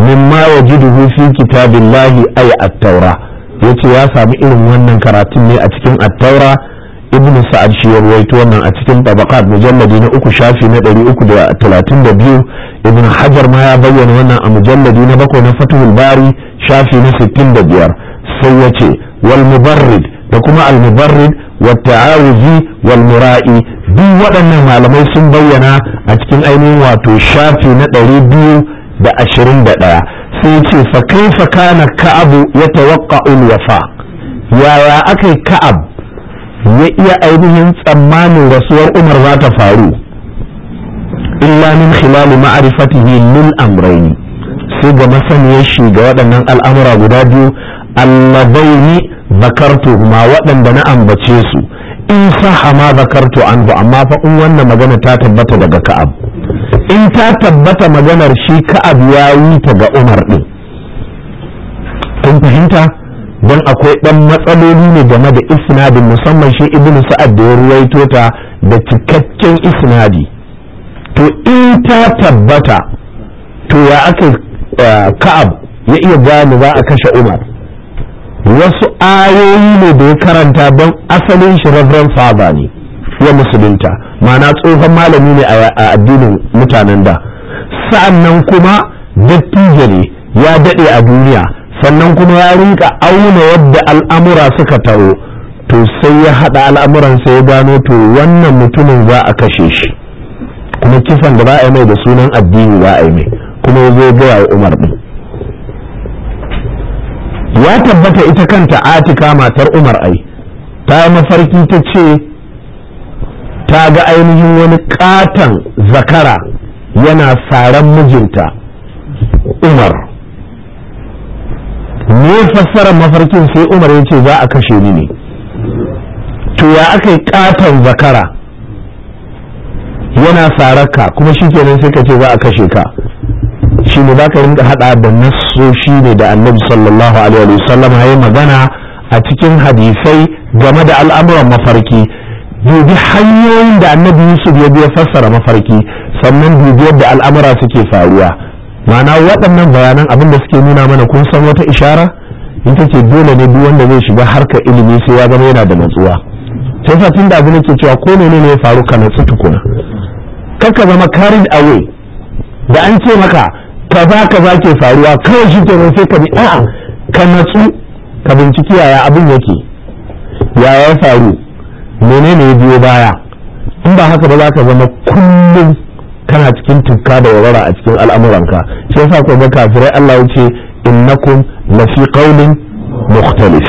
mimma ya ji dubu fi kitabillahi ai attaura taura yace ya sami irin wannan karatun ne a cikin attaura taura ibnu sa'ad shi ya ruwaito wannan a cikin tabaqat mujalladi na uku shafi na biyu. ibnu hajar ma ya bayyana wannan a mujalladi na bakwai na fatuhul bari shafi na biyar. sai yace wal mubarrid da kuma al mubarrid والتعاوزي والمرائي duk waɗannan malamai sun bayyana a cikin ainihin wato shafi na ɗari biyu da ashirin da ɗaya sai ce fa kaifa kana ka'abu ya tawakka ulwafa yaya aka ka'ab ya iya ainihin tsammanin rasuwar umar za ta faru illa min khilali ma'arifatihi lil amrayn sai ga masaniyar shi ga waɗannan al'amura guda biyu allabaini zakartu ma waɗanda na ambace su in saha ma zakartu anhu amma fa in wannan magana ta tabbata daga ka'ab in ta tabbata maganar shi ka'ab ya yi ta ga umar ɗin, kun fahimta don akwai ɗan matsaloli ne game da isnadin musamman shi ibnu sa'ad da ya ruwaito ta da cikakken isnadi to in ta tabbata to ya aka eh, ka'ab ya iya gane za a kashe umar wasu ayoyi ne da ya karanta don asalin shi reverend father ne ya musulunta ma'ana tsohon malami ne a addinin mutanen da sa'annan kuma dattijo ne ya daɗe a duniya sannan kuma ya rinka auna yadda al'amura suka taro to sai ya haɗa al'amuransa ya gano to wannan mutumin za a kashe shi kuma kisan da ba a yi mai da sunan addini ba a yi mai kuma ya zo gaya wa umar ɗin ya tabbata ita kanta atika matar umar ai ta yi mafarki ta ce ta ga ainihin wani katon zakara yana saran mijinta umar ne fassara mafarkin sai umar ya ce za a kashe ni ne to ya aka yi katon zakara yana sararka kuma shi kenan sai ka ce za a kashe ka shi ne baka rinka hada da shi ne da annabi sallallahu alaihi wasallam ya magana a cikin hadisai game da al'amuran mafarki dubi hanyoyin da annabi yusuf ya biya fassara mafarki sannan dubi yadda al'amura suke faruwa ma'ana waɗannan bayanan abin da suke nuna mana kun san wata ishara ita ce dole ne duk wanda zai shiga harkar ilimi sai ya zama yana da natsuwa sai sa tun da abin ke cewa ko ne ne ya faru ka natsu tukuna kar ka zama carried away da an ce maka kaza kaza ke faruwa kawai shi kenan sai ka bi a'a ka natsu ka binciki yaya abin yake yaya ya faru menene ya biyo baya in ba haka ba za ka zama kullum kana cikin tukka da warara a cikin al'amuranka shi yasa ko ga kafirai Allah ya ce innakum fi qawlin mukhtalif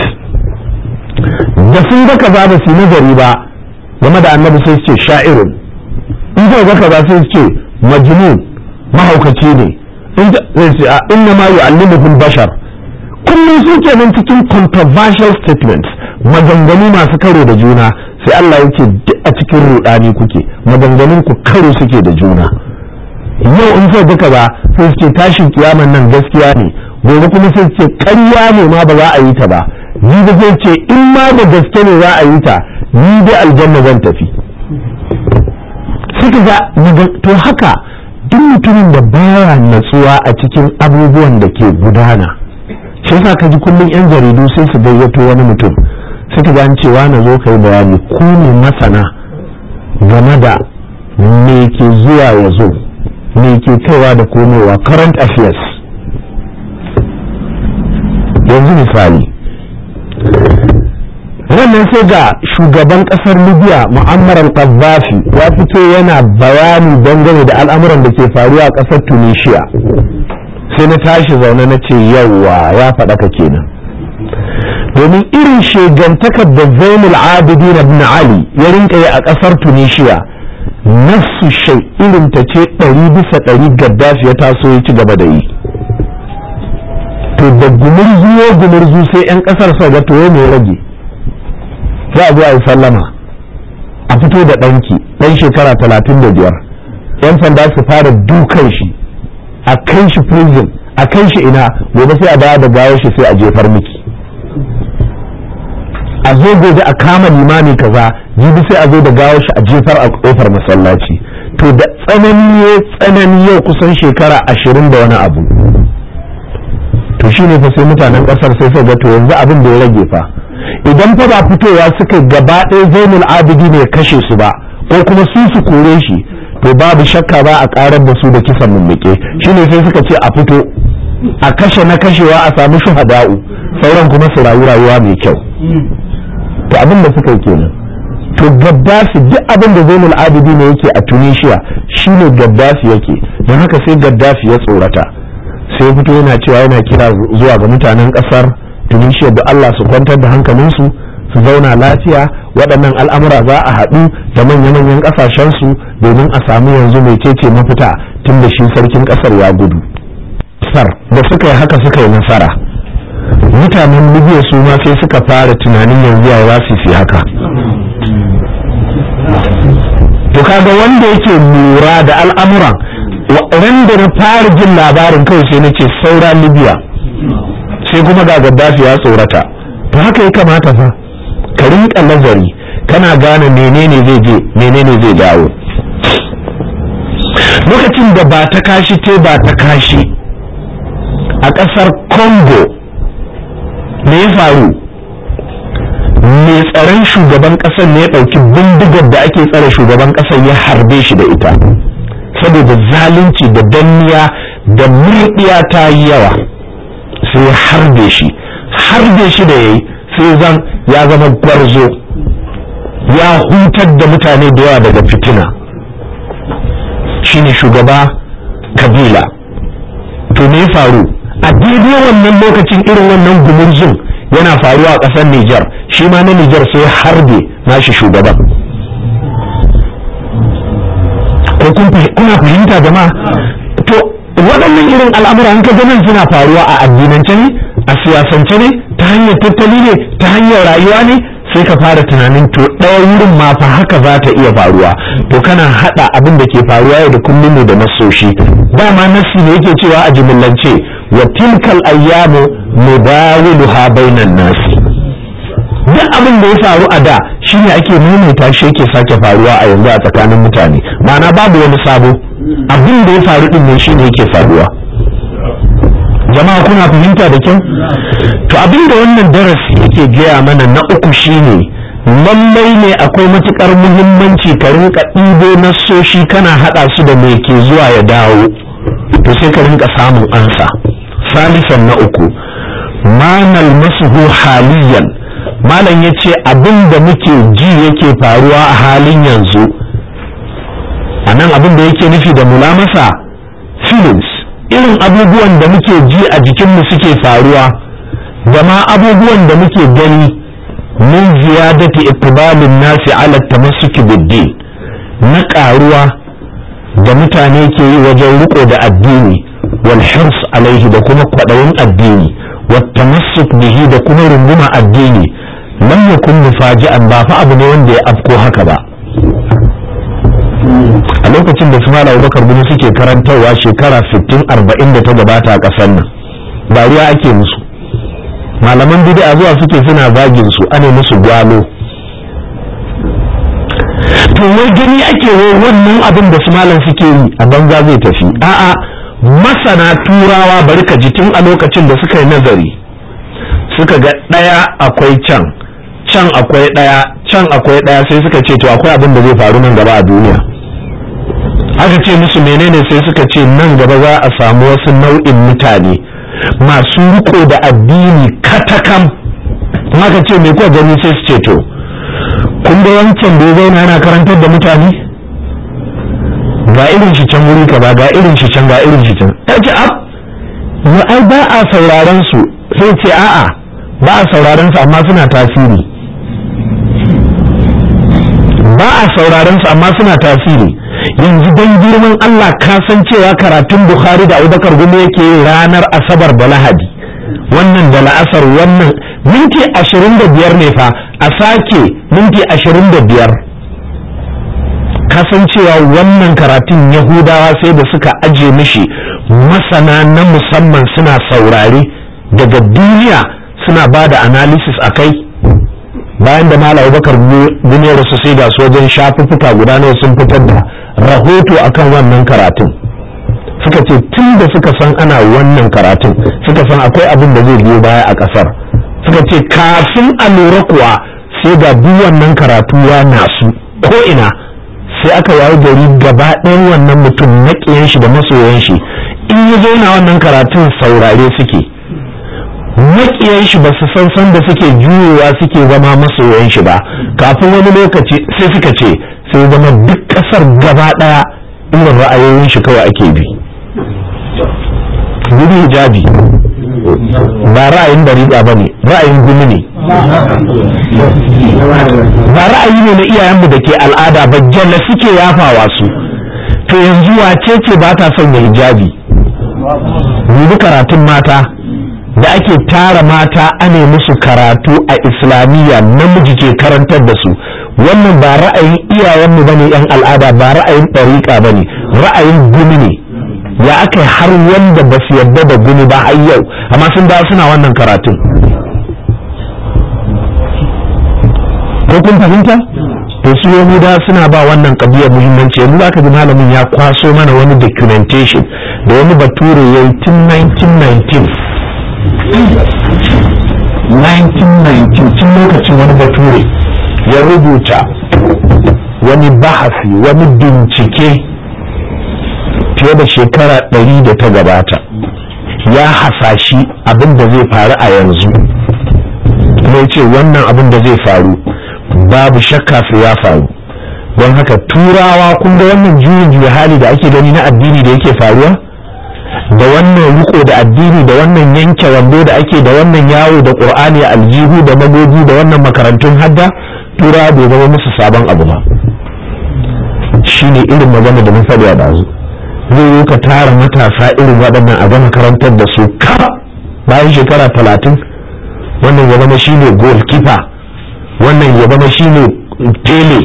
da sun ga kaza ba su nazari ba game da annabi sai su ce sha'irun in ga kaza sai su ce majnun mahaukaci ne zai ce a inna ma bashar kullum su nan cikin controversial statements maganganu masu karo da juna sai Allah yake duk a cikin rudani kuke maganganun ku karo suke da juna yau in sai duka ba sai suke tashin kiyaman nan gaskiya ne gobe kuma sai suke karya ne ma ba za a yi ta ba ni da zai ce in ma da gaske ne za a yi ta ni da aljanna zan tafi suka ga to haka duk mutumin da baya natsuwa a cikin abubuwan da ke gudana shi yasa ka ji kullum yan jaridu sai su gayyato wani mutum sai ka an cewa na zo kai bayani ku ne masana game da me ke zuwa ya zo me ke kaiwa da komowa current affairs yanzu misali wannan sai ga shugaban kasar libya mu'ammar al-qaddafi ya fito yana bayani dangane da al'amuran da ke faruwa a kasar tunisia sai na tashi zaune na ce yawwa ya faɗa ka kenan domin irin shegantakar da zainul abidin ibn ali ya rinka yi a kasar tunisia nafsu shai irin ta ce ɗari bisa ɗari gaddafi ya taso ya ci gaba da yi to da gumurzu ya gumurzu sai 'yan kasar sa ga to ya rage Za a zuwa yi sallama a fito da ɗanki ɗan shekara talatin da biyar yan sanda su fara dukan shi a kai shi prison a kai shi ina gobe sai a baya da gawar shi sai a jefar miki a zo gobe a kama limami kaza jibi sai a zo da gawar shi a jefar a kofar masallaci to da tsanani yau kusan shekara ashirin da wani abu to ne fa sai mutanen kasar sai sai ga to yanzu abin da ya rage fa idan fa ba fitowa suka gaba ɗaya zainul abidi ne kashe su ba ko kuma su su kore shi to babu shakka ba a karar da su da kisan mummuke shine sai suka ce a fito a kashe na kashewa a samu shuhada'u sauran kuma su rayu rayuwa mai kyau to abin da suka yi kenan to gaddafi duk abin da zainul abidi ne yake a tunisia shine gaddafi yake don haka sai gaddafi ya tsorata sai fito yana cewa yana kira zuwa ga mutanen ƙasar. tuni shi da Allah su kwantar da hankalinsu su zauna lafiya waɗannan al'amura za a haɗu da manya-manyan ƙasashensu domin a samu yanzu mai cece mafita tun da shi sarkin ƙasar ya gudu sar da suka yi haka suka yi nasara mutanen libya su ma sai suka fara tunanin yanzu ya su fi haka to kaga wanda yake lura da al'amuran ran da na fara jin labarin kawai sai na ce saura libya sai kuma ga gaddafi ya tsorata to haka ya kamata fa ka rinka nazari kana gane menene zai je menene zai dawo lokacin da ba ta kashi te ba ta kashi a ƙasar congo me ya faru mai tsaron shugaban ƙasar ne ya ɗauki bindigar da ake tsare shugaban ƙasar ya harbe shi da ita saboda zalunci da danniya da murɗiya ta yi yawa sai ya harbe shi harbe shi da yayi sai zan ya zama gwarzo ya hutar da mutane da yawa daga fitina shine shugaba kabila to me faru a daidai wannan lokacin irin wannan gumurzun yana faruwa a ƙasar Nijar shi ma na Nijar sai harbe nashi shugaban ko kuna fahimta jama'a waɗannan irin al'amura in ka ganin suna faruwa a addinance ne a siyasance ne ta hanyar tattali ne ta hanyar rayuwa ne sai ka fara tunanin to ɗaya wurin ma fa haka za ta iya faruwa to kana haɗa abin da ke faruwa yau da kullum ne da nasoshi dama nasi ne yake cewa a jimillance wa tilkal ayyamu mudawiluha bainan nasi duk abin da ya faru a da shine ake maimaita shi yake sake faruwa a yanzu a tsakanin mutane ma'ana babu wani sabo abin da ya faru din ne shi ne yake faruwa jama'a kuna fahimta da kyau to abin da wannan darasi yake gaya mana na uku shine lallai ne akwai matukar muhimmanci ka rinka ɗibo nassoshi kana haɗa su da mai ke zuwa ya dawo to sai ka rinka samun ansa salisan na uku manal masuhu haliyan malam ya ce abin da muke ji yake faruwa a halin yanzu a nan abin da yake nufi da mulamasa feelings irin abubuwan da muke ji a jikinmu suke faruwa da ma abubuwan da muke gani min ziyadati iqbalin nasi ala tamassuki biddi na karuwa da mutane ke yi wajen riko da addini wal hirs alaihi da kuma kwadawin addini wa tamassuk bihi da kuma runguma addini lam yakun mufaji'an ba fa abu ne wanda ya afko haka ba a lokacin da su abubakar gudu suke karantarwa shekara 60-40 da ta gabata a ƙasar nan dariya ake musu malaman a zuwa suke suna zagin su ana musu gwalo to wai gani ake wai wannan abin da su suke yi a banza zai tafi a'a masana turawa bari ka ji tun a lokacin da suka yi nazari suka ga ɗaya akwai can can akwai ɗaya can akwai ɗaya sai suka ce to akwai abin da zai faru nan gaba a duniya aka ce musu menene sai suka ce nan gaba za a samu wasu nau'in mutane masu riko da addini katakam maka ce mai kuwa gani sai su ce to kun ga wancan dogo na yana karantar da mutane ga irin shi can wuri ka ba ga irin shi can ga irin shi can ta ce ab ah, ai ba a sauraron su sai ce a'a ba a sauraron su amma suna tasiri ba a sauraron su amma suna tasiri yanzu dan girman Allah ka cewa karatun Bukhari da Abubakar Gumi yake ranar Asabar da Lahadi wannan da la'asar wannan minti ashirin ne fa a sake minti 25 kasan cewa kasancewa wannan karatun yahudawa sai da suka aje mishi masana na musamman suna saurari. daga duniya suna ba da analysis a kai bayan da mala abubakar gune rasu sai ga su wajen shafuffuka guda nawa sun fitar da rahoto akan wannan karatun suka ce tun da suka san ana wannan karatun suka san akwai abin da zai biyo baya a kasar suka ce kafin a lura kuwa sai ga duk wannan karatu ya nasu ko ina sai aka wayi gari gaba ɗayan wannan mutum maƙiyan shi da masoyan shi in ya zauna wannan karatun saurare suke maƙiyan shi ba su san san da suke juyowa suke zama masoyan shi ba kafin wani lokaci sai suka ce sai zama duk kasar gaba daya irin ra'ayoyin shi kawai ake bi gudu jabi ba ra'ayin riba ba ne ra'ayin gumi ne ba ra'ayi ne na iyayenmu da ke al'ada ba jalla suke yafawa su to yanzu wace ce ba ta son hijabi Gudu karatun mata da ake tara mata ane musu karatu a islamiyya namiji ke karantar da su wannan ba ra'ayin iyayenmu bane yan al'ada ba ra'ayin ɗariƙa bane ra'ayin gumi ne ya aka har wanda ba su yarda da gumi ba har yau amma sun dawo suna wannan karatun ko kun fahimta to su yahuda suna ba wannan kabiyar muhimmanci yanzu zaka ji malamin ya kwaso mana wani documentation da wani bature yayi tun 1919 1919 tun lokacin wani bature ya rubuta wani bahasi wani bincike fiye da shekara ɗari da ta gabata ya hasashi abin da zai faru a yanzu kuma ce wannan abin da zai faru babu shakka su ya faru don haka turawa kun ga wannan juyin juya hali da ake gani na addini da yake faruwa da wannan riko da addini da wannan yanke wando da ake da wannan yawo da qur'ani aljihu da magogi da wannan makarantun hadda tura bai zama musu sabon abu ba shine irin magana da mun faɗi a dazu zai yi ka tara matasa irin waɗannan a gama karantar da su ka bayan shekara talatin wannan ya zama shine goalkeeper wannan ya zama shine tele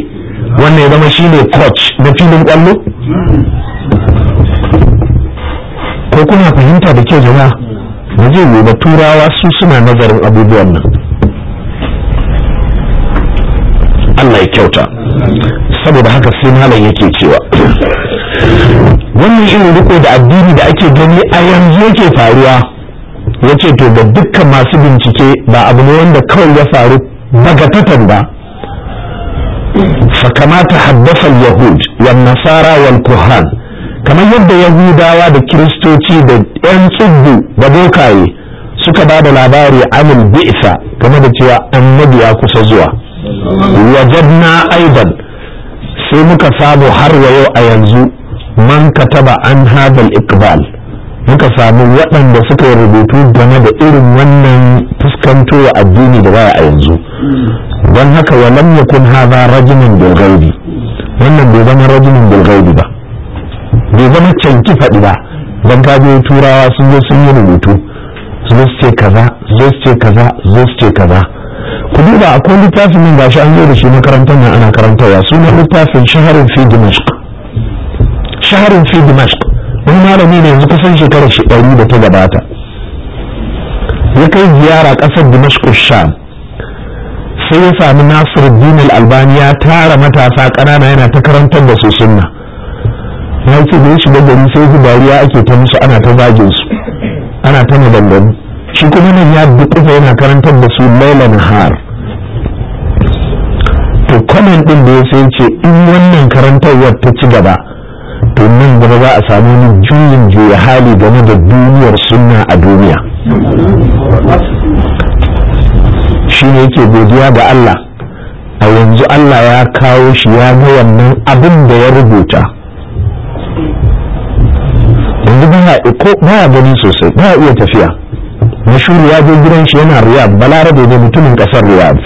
wannan ya zama shine coach na filin kwallo ko kuna fahimta da kyau jama'a ba zai yiwu ba turawa su suna nazarin abubuwan nan Allah ya kyauta saboda haka sai malam yake cewa wannan irin riko da addini da ake gani a yanzu yake faruwa yace to ga dukkan masu bincike ba abu ne wanda kawai ya faru bagatatan ba fa kamata haddasa yahud wan nasara wal kuhan kamar yadda yahudawa da kiristoci da yan tsibbu da bokaye suka ba da labari anil bi'sa game da cewa annabi ya kusa zuwa wajadna aidan sai muka samu har wa yau a yanzu man kataba an hadal ikbal muka samu waɗanda suka yi rubutu game da irin wannan fuskanto wa addini da baya a yanzu don haka wa lam yakun hadha rajulan bil wannan bai zama rajulan bil ba bai zama canki faɗi ba don kaje turawa sun zo sun yi rubutu su zo su ce kaza su zo su ce kaza su zo su ce kaza ku duba akwai littafin nan gashi an zo da shi makarantar nan ana karantarwa sunan littafin shaharin fi dimashq shaharin fi dimashq wani malami ne yanzu kusan shekarar shi da ta gabata ya kai ziyara ƙasar dimashq sham sai ya sami nasiru al-albani ya tara matasa ƙanana yana ta karantar da su sunna ya ce da ya shiga gari sai su dariya ake ta musu ana ta zagin su ana ta maganganu shi kuma nan ya dukufa yana karantar da su laila Har. to kwanan din da ya sai ce in wannan karantarwar ta ci gaba to nan gaba za a samu wani juyin juya hali game da duniyar sunna a duniya shi ne yake godiya ga Allah a yanzu Allah ya kawo shi ya ga wannan abin da ya rubuta yanzu ba ya gani sosai ba ya iya tafiya mashuru ya je gidan shi yana riyad balarabe ne mutumin kasar riyad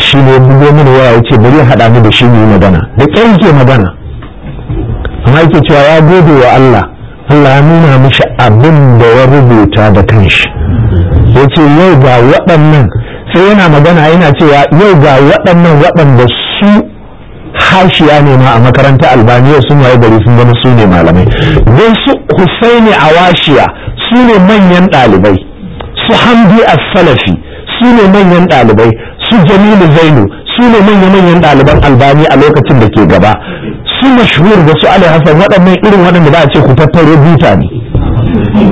shi ne bugo mini waya yace bari hada mu da shi ne magana da kyar yake magana amma yake cewa ya gode wa Allah Allah ya nuna mishi abin da ya rubuta da kanshi yace yau ga waɗannan sai yana magana yana cewa yau ga waɗannan waɗanda su hashiya ne ma a makaranta albaniya sun waye gari sun zama su ne malamai don su husaini a washiya su ne manyan ɗalibai su hamdi a salafi su ne manyan ɗalibai su jamilu zainu su ne manya-manyan ɗaliban albani a lokacin da ke gaba su mashhur da su ali waɗannan irin waɗanda ba a ce ku tattaro bita ne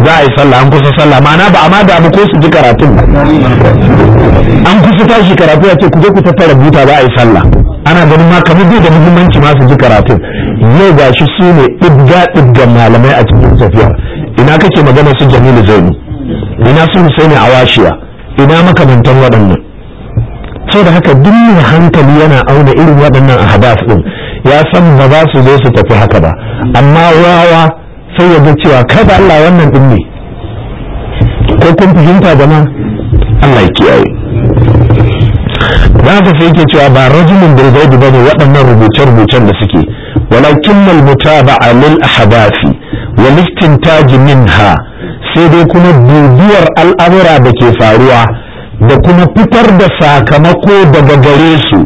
za a yi sallah an kusa sallah ma'ana ba a ma damu ko su ji karatun an kusa tashi karatu ya ce ku je ku tattara buta za a yi sallah ana ganin ma kamar bai da muhimmanci ma su ji karatun yau ga shi su ne ɗigga ga malamai a cikin tafiya ina kake magana su jamilu zainu ina su a washiya? ina makamantan waɗannan sau da haka duk hankali yana auna irin waɗannan a hadas ɗin ya san ba za su zo su tafi haka ba amma wawa sai ya cewa kada Allah wannan din ne ko kun fahimta jama'a Allah ya kiyaye haka sai yake cewa ba rajulun bil ghaibi bane waɗannan rubuce-rubucen da suke walakin mal mutaba'a lil ahdathi wal istintaj minha sai dai kuma bibiyar al'amura da ke faruwa da kuma fitar da sakamako daga gare su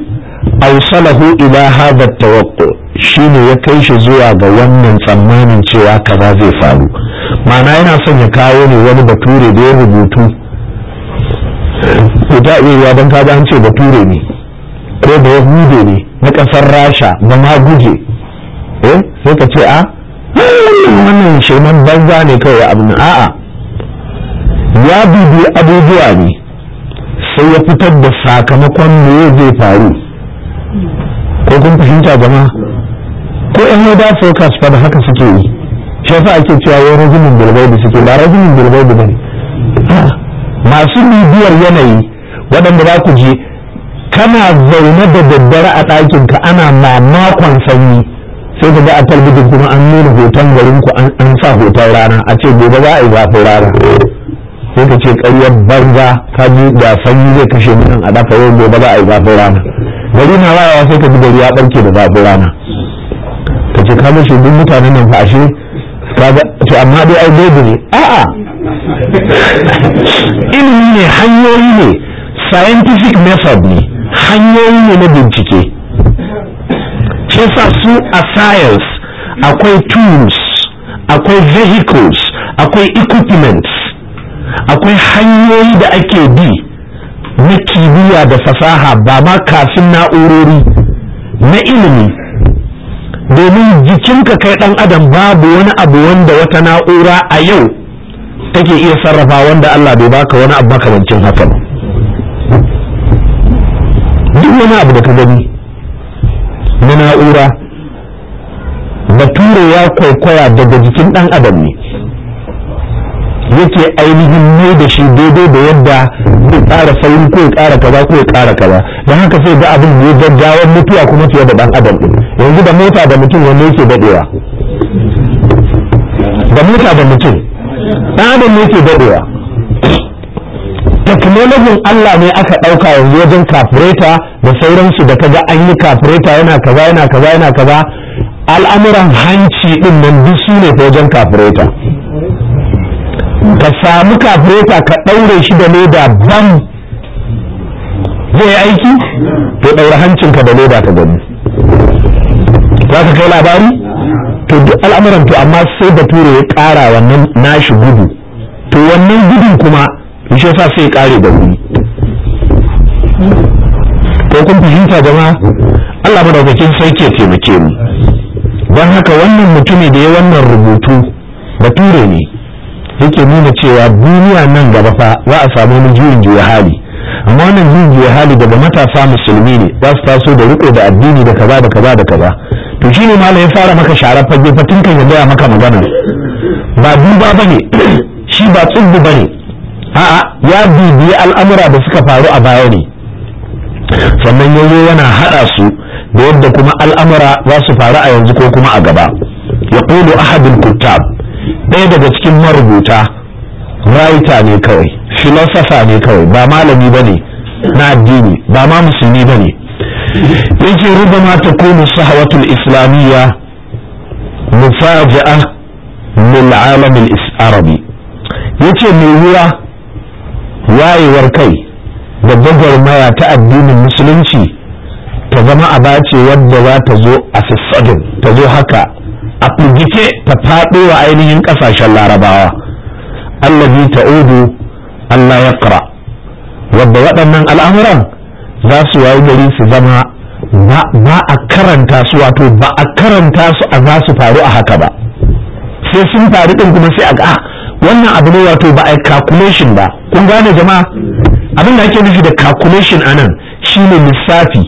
awsalahu ila hadha at-tawaqqu shi ne ya kai shi zuwa ga wannan tsammanin cewa kaza zai faru ma'ana yana son ya kawo ne wani bature da ya rubutu ko ta iya don kaga an ce bature ne ko da ya hude ne na kasar rasha na Maguje. guje eh sai ka ce a wannan shirman banza ne kawai abu na a'a ya bibi abubuwa ne sai ya fitar da sakamakon me zai faru ko kun fahimta jama'a ko yan yau da focus fa da haka suke yi shi yasa ake cewa yau rajimin bilbaibi suke ba rajimin bilbaibi bane masu bibiyar yanayi waɗanda za ku je kana zaune da daddare a ɗakin ka ana mamakon sanyi sai ka ga a talbijin kuma an nuna hoton garin ku an sa hoton rana a ce gobe za a yi zafin rana sai ka ce ƙaryar banza ka ji da sanyi zai kashe mutum a dafa yau gobe za a yi zafin rana gari na rayawa sai ka ji gari ya ɓarke da zafin rana ka ce kama shi duk mutanen nan fa ashe to amma dai ai babu ne a'a ilimi ne hanyoyi ne scientific method ne hanyoyi ne na bincike Ke sa su a science akwai tools akwai vehicles akwai equipments akwai hanyoyi da ake bi na kimiyya da fasaha ba ma kafin na'urori na ilimi jikinka kai ɗan adam babu wani abu wanda wata na'ura a yau take iya sarrafa wanda Allah bai baka wani abu makamancin haka ba duk wani abu da ka gani na na'ura bature ya kwaikwaya daga jikin ɗan'adam adam ne yake ainihin mai da shi daidai da yadda zai ƙara sauri ko ya ƙara kaza ko ya ƙara kaza don haka sai ga abin ya gaggawan mutuwa kuma fiye da dan adam din yanzu da mota da mutum wanne yake dadewa da mota da mutum dan adam ne yake dadewa teknolojin Allah ne aka ɗauka yanzu wajen kafureta da sauransu da kaga an yi kafureta yana kaza yana kaza yana kaza al'amuran hanci ɗin nan duk su ne ta wajen kafureta ka samu kafureta ka ɗaure shi da leda bam zai aiki to ɗaura hancinka da leda ta gani za ka kai labari to duk al'amuran to amma sai bature ya ƙara wannan nashi gudu to wannan gudun kuma shi yasa sai ya ƙare da wuri ko kun fahimta jama'a Allah madaukakin sarki ya taimake mu don haka wannan mutumi da ya wannan rubutu bature ne yake nuna cewa duniya nan gaba fa za a samu wani juyin juya hali amma wannan hali daga matasa musulmi ne za su taso da riko da addini da kaza da kaza da kaza to shine malam ya fara maka sharar fage fa tun ya gaya maka magana ba duba bane shi ba tsubbu bane a'a ya bibiyi al'amura da suka faru a baya ne sannan yazo yana hada su da yadda kuma al'amura za su faru a yanzu ko kuma a gaba ya kulu ahadul kuttab ɗaya daga cikin marubuta raita ne kawai filosofa ne kawai ba malami ba ne na addini ba ma musulmi ba ne yake rubama ta kunu sahawatul islamiyya mufaja'a lil alamin arabi yace mai wura wayewar kai da gwagwarmaya ta addinin musulunci ta zama a ce wadda za ta zo a sassadin ta zo haka a firgice ta faɗo wa ainihin ƙasashen larabawa allazi ta'udu Allah ya kara wadda waɗannan al'amuran za su wayi gari su zama ba a karanta su wato ba a karanta su a za su faru a haka ba sai sun faru ɗin kuma sai a ga ah, wannan abu ne wato ba a yi calculation ba kun gane jama'a abin da ake nufi da calculation a nan shine lissafi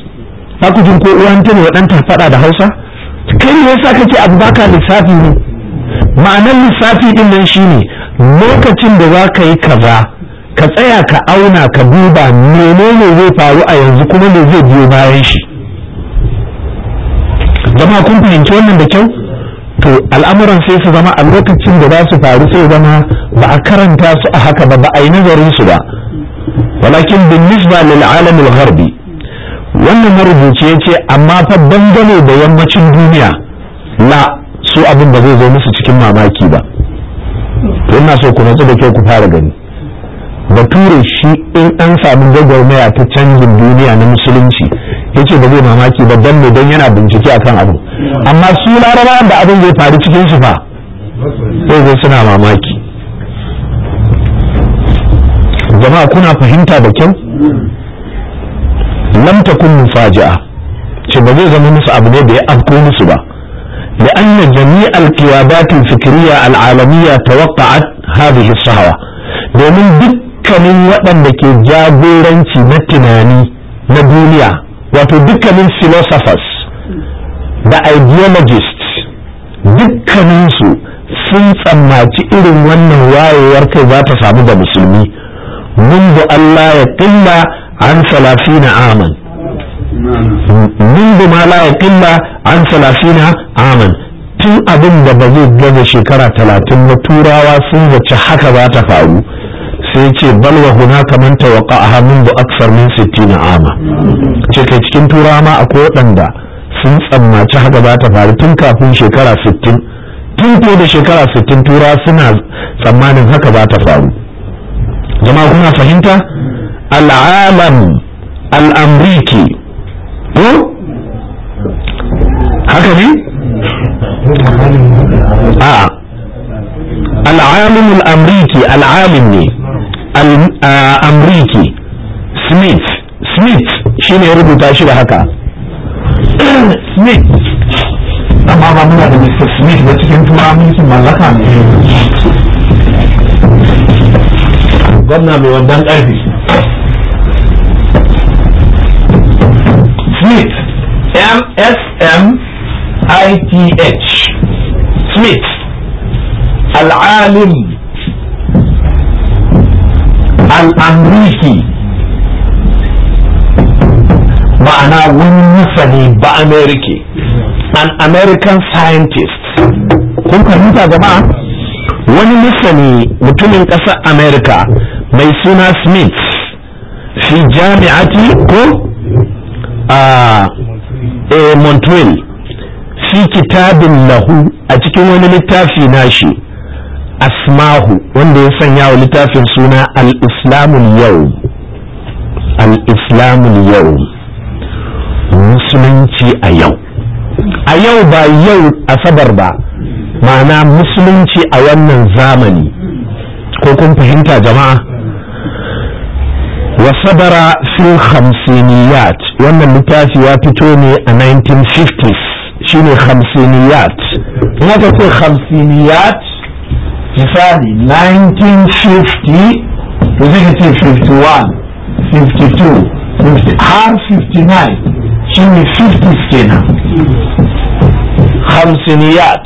ba ku jin ko ta ne waɗanta faɗa da hausa kai ne yasa kake abu baka lissafi ne ma'anar lissafi ɗin nan shine lokacin da za ka yi kaza ka tsaya ka auna ka duba menene zai faru a yanzu kuma me zai biyo bayan shi zama kun fahimci wannan da kyau to al'amuran sai su zama a lokacin da za su faru sai zama ba a karanta su a haka ba ba a yi nazarin su ba walakin bin nisba lil alamil gharbi wannan marubuci ya ce amma fa dangane da yammacin duniya la su abin ba zai zo musu cikin mamaki ba to ina so ku nutsu da kyau ku fara gani bature shi in an samu gwagwarmaya ta canjin duniya na musulunci ya ce ba zai mamaki ba don don yana bincike akan abu amma su larabawan da abin zai faru cikin su fa zai suna mamaki jama'a kuna fahimta da kyau lam takun faji'a ce ba zai zama musu abu ne da ya afko musu ba لأن جميع القيادات الفكرية العالمية توقعت هذه الشهوة domin duk dukkanin waɗanda ke jagoranci na tunani na duniya wato dukkanin philosophers da ideologists dukkaninsu sun tsammaci irin wannan wayewar kai za ta samu da musulmi منذ Allah ya يقل عن ثلاثين عاما منذ ما لا يقل عن ثلاثين عاما tun abin da ba zai gaza shekara talatin na turawa sun zaci haka za ta faru sai ce bal wa hunaka man tawaqqa'aha منذ أكثر من 60 ama ce kai cikin turawa ma akwai waɗanda sun tsammaci haka za ta faru tun kafin shekara 60 tun ko da shekara 60 turawa suna tsammanin haka za ta faru jama'a kuna fahimta al'alam al'amriki ko haka ne العالم الامريكي العالم الامريكي آه، سميث سميث شيني يربو تاشي بحكا سميث اما ما منا ده مستر سميث بس كنت العالم الأمريكي ma'ana wani بأمريكي ba an american scientist kun fahimta jama'a wani masani mutumin ƙasar america mai suna smith fi jami'ati ko a montreal fi kitabin lahu a cikin wani littafi nashi asmahu wanda ya sanya wa littafin suna al-islamul yau yau musulunci a yau a yau ba yau asabar ba ma'ana musulunci a wannan zamani ko kun fahimta jama'a wasabara fil hamsiniyat wannan littafi ya fito ne a 1950s shine hamsiniyat Na aka ce hamsiniyat مثالي 1950 to negative 51 52 50 حرف 59 شنو 50 سنة خمسينيات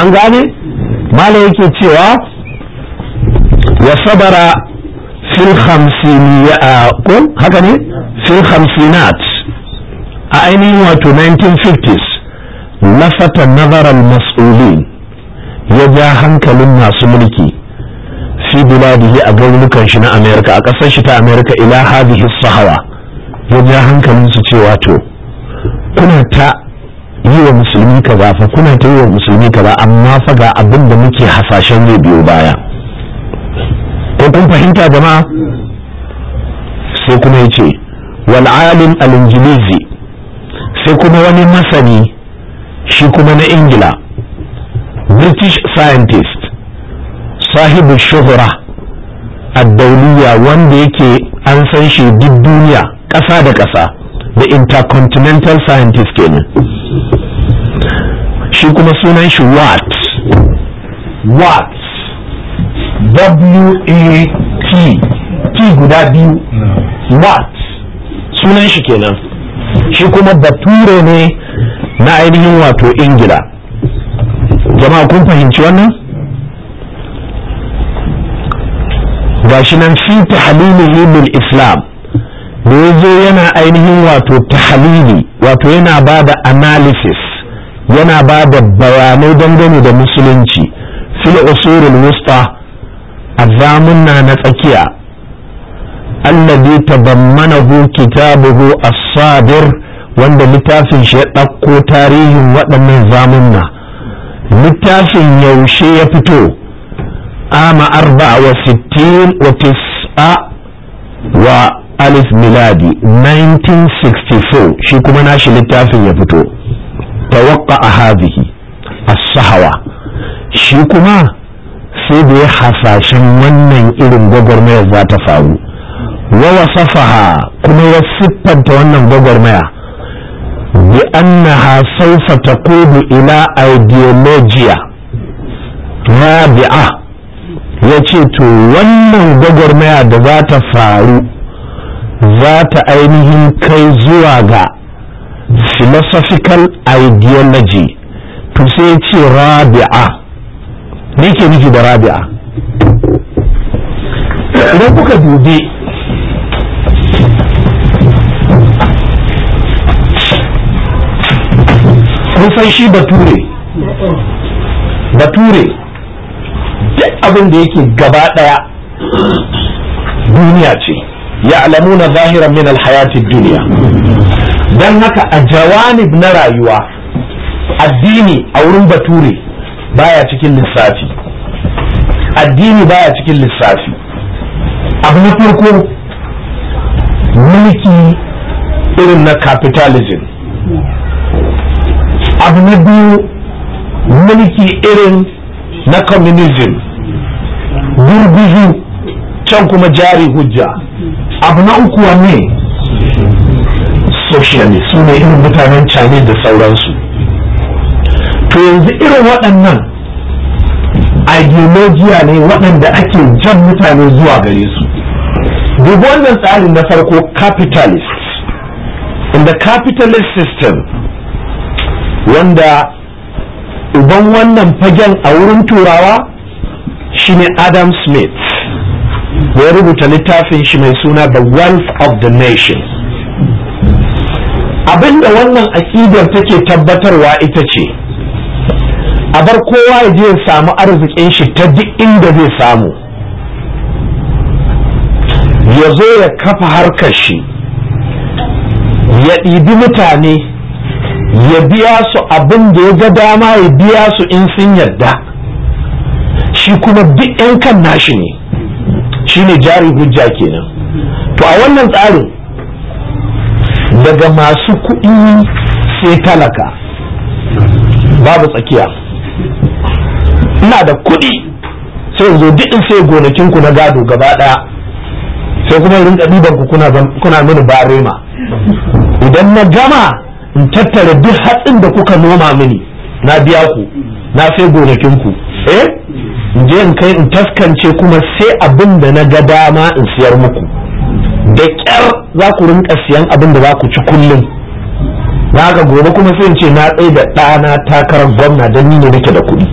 an gane mala yake cewa wa sabara fil khamsiniya ko haka ya ja hankalin masu mulki fi biladihi a garurukan shi na amerika a ƙasar shi ta amerika ila hadhihi sahawa ya ja hankalin su cewa to kuna ta yi wa musulmi kaza fa kuna ta yi wa musulmi kaza amma fa ga abin da muke hasashen zai biyo baya ko kun fahimta jama'a sai kuma ya ce wal alim al sai kuma wani masani shi kuma na ingila british scientist sahibu shuhura dauniya wanda yake an san shi duk duniya ƙasa da ƙasa da intercontinental scientist kenan shi kuma sunan shi watts watts w-a-t t guda biyu watts sunan shi kenan shi kuma bature ne na ainihin wato ingila jama'a kun fahimci wannan gashi nan fi tahlilihi bil islam da yazo yana ainihin wato tahlili wato yana ba da analysis yana ba da bayanai dangane da musulunci fil usulul wusta azamunna na tsakiya alladhi tadammanahu kitabuhu as-sadir wanda littafin shi ya ɗauko tarihin waɗannan zamunna littafin yaushe ya fito ama arba wa sittin wa tis'a wa alif miladi 1964 shi kuma nashi littafin ya fito tawakka a hadihi a sahawa shi kuma sai da ya hasashen wannan irin gwagwarmayar za ta faru wa wasafaha kuma ya siffanta wannan gwagwarmaya bi annaha sawfa taqudu ila ideologiya rabi'a yace to wannan gwagwarmaya da za ta faru za ta ainihin kai zuwa ga philosophical ideology to sai ce rabi'a ne ke da rabi'a idan kuka dubi kun shi bature bature duk abin da yake gaba daya duniya ce ya na zahiran min alhayati duniya Don haka a jawanib na rayuwa addini a wurin bature baya cikin lissafi addini baya cikin lissafi abu na farko mulki irin na capitalism abu na biyu mulki irin na communism gurguzu can kuma jari hujja abu na uku wanne socialist su ne irin mutanen chinese da sauransu to yanzu irin waɗannan ideologiya ne waɗanda ake jan mutane zuwa gare su wannan tsarin na farko capitalist in the capitalist system wanda uban wannan fagen a wurin turawa shine adam smith ya rubuta littafin shi mai suna the wealth of the nation abinda wannan aƙidar take tabbatarwa ita ce a bar kowa ya je ya samu arzikin shi ta duk inda zai samu ya zo ya kafa harkar shi ya ɗibi mutane ya biya su abin da ya ga dama ya biya su in sun yarda shi kuma duk 'yan kan nashi ne shi ne jari hujja kenan to a wannan tsarin daga masu kuɗi sai talaka babu tsakiya ina da kuɗi sai zo duk in sai gonakinku na gado gaba ɗaya sai kuma rinka ɗiban ku kuna mini barema idan na gama in tattara duk hatsin da kuka noma mini na biya ku na sai gonakin ku eh in je in kai in taskance kuma sai abin da na ga dama in siyar muku da kyar za ku rinka siyan abin da za ku ci kullum na ga gobe kuma sai in ce na tsaye da ɗana takarar gwamna don ni ne nake da kuɗi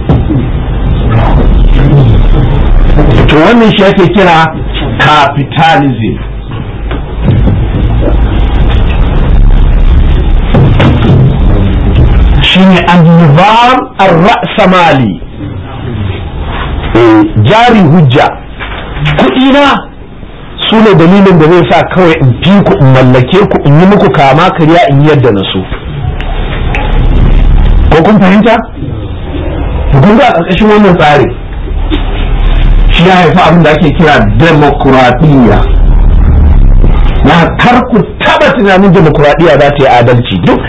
to wannan shi ake kira capitalism shine an-nizam ar-ra'samali eh, jari hujja kuɗi na su dalilin da zai sa kawai in fi ku in mallake ku in yi muku kama kariya in yadda na so ko kun fahimta kun ga ƙarƙashin wannan tsari shi ya haifa abin da ake kira demokradiyya na kar ku taba tunanin demokuraɗiyya za ta yi adalci duk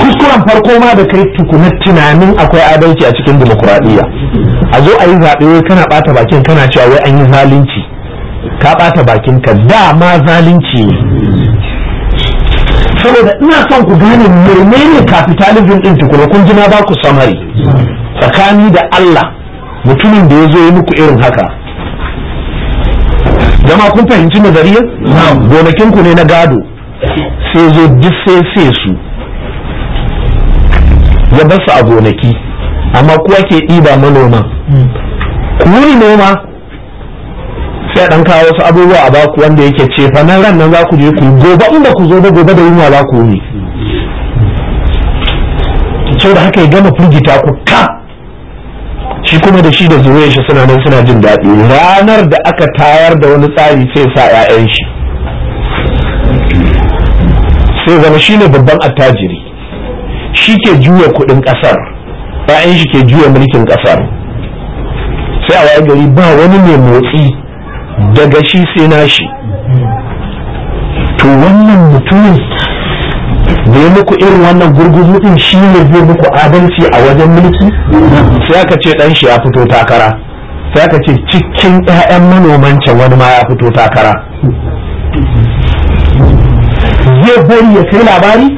kuskuren farko ma da kai tukunar tunanin akwai adalci a cikin demokuraɗiyya a zo a yi zaɓe wai kana ɓata bakin kana cewa wai an yi zalunci ka ɓata bakin ka dama zalunci ne saboda ina son ku gane menene capitalism ɗin tukuna kun ji ba ku samari tsakani da Allah mutumin da ya zo ya muku irin haka jama kun fahimci nazariyar gonakin ku ne na gado sai zo duk sai sai su ya bar su a gonaki amma kuwa ke ɗiba manoma ku yi noma sai ɗan kawo wasu abubuwa a baku wanda yake ce fa nan ran nan za ku je ku gobe inda ku zo da gobe da yunwa za ku ne da haka ya gama firgita ku ta. shi kuma da shi da zuwa shi suna nan suna jin daɗi ranar da aka tayar da wani tsari sai sa 'ya'yan shi sai zama shine babban attajiri shi ke juya kuɗin ƙasar 'ya'yan shi ke juya mulkin ƙasar sai a waye gari ba wani mai motsi daga shi sai nashi to wannan mutumin me muku irin wannan gurguzu din shi ne zai muku adalci a wajen mulki sai aka ce dan shi ya fito takara sai aka ce cikin ƴaƴan manoman can wani ma ya fito takara zai bari ya kai labari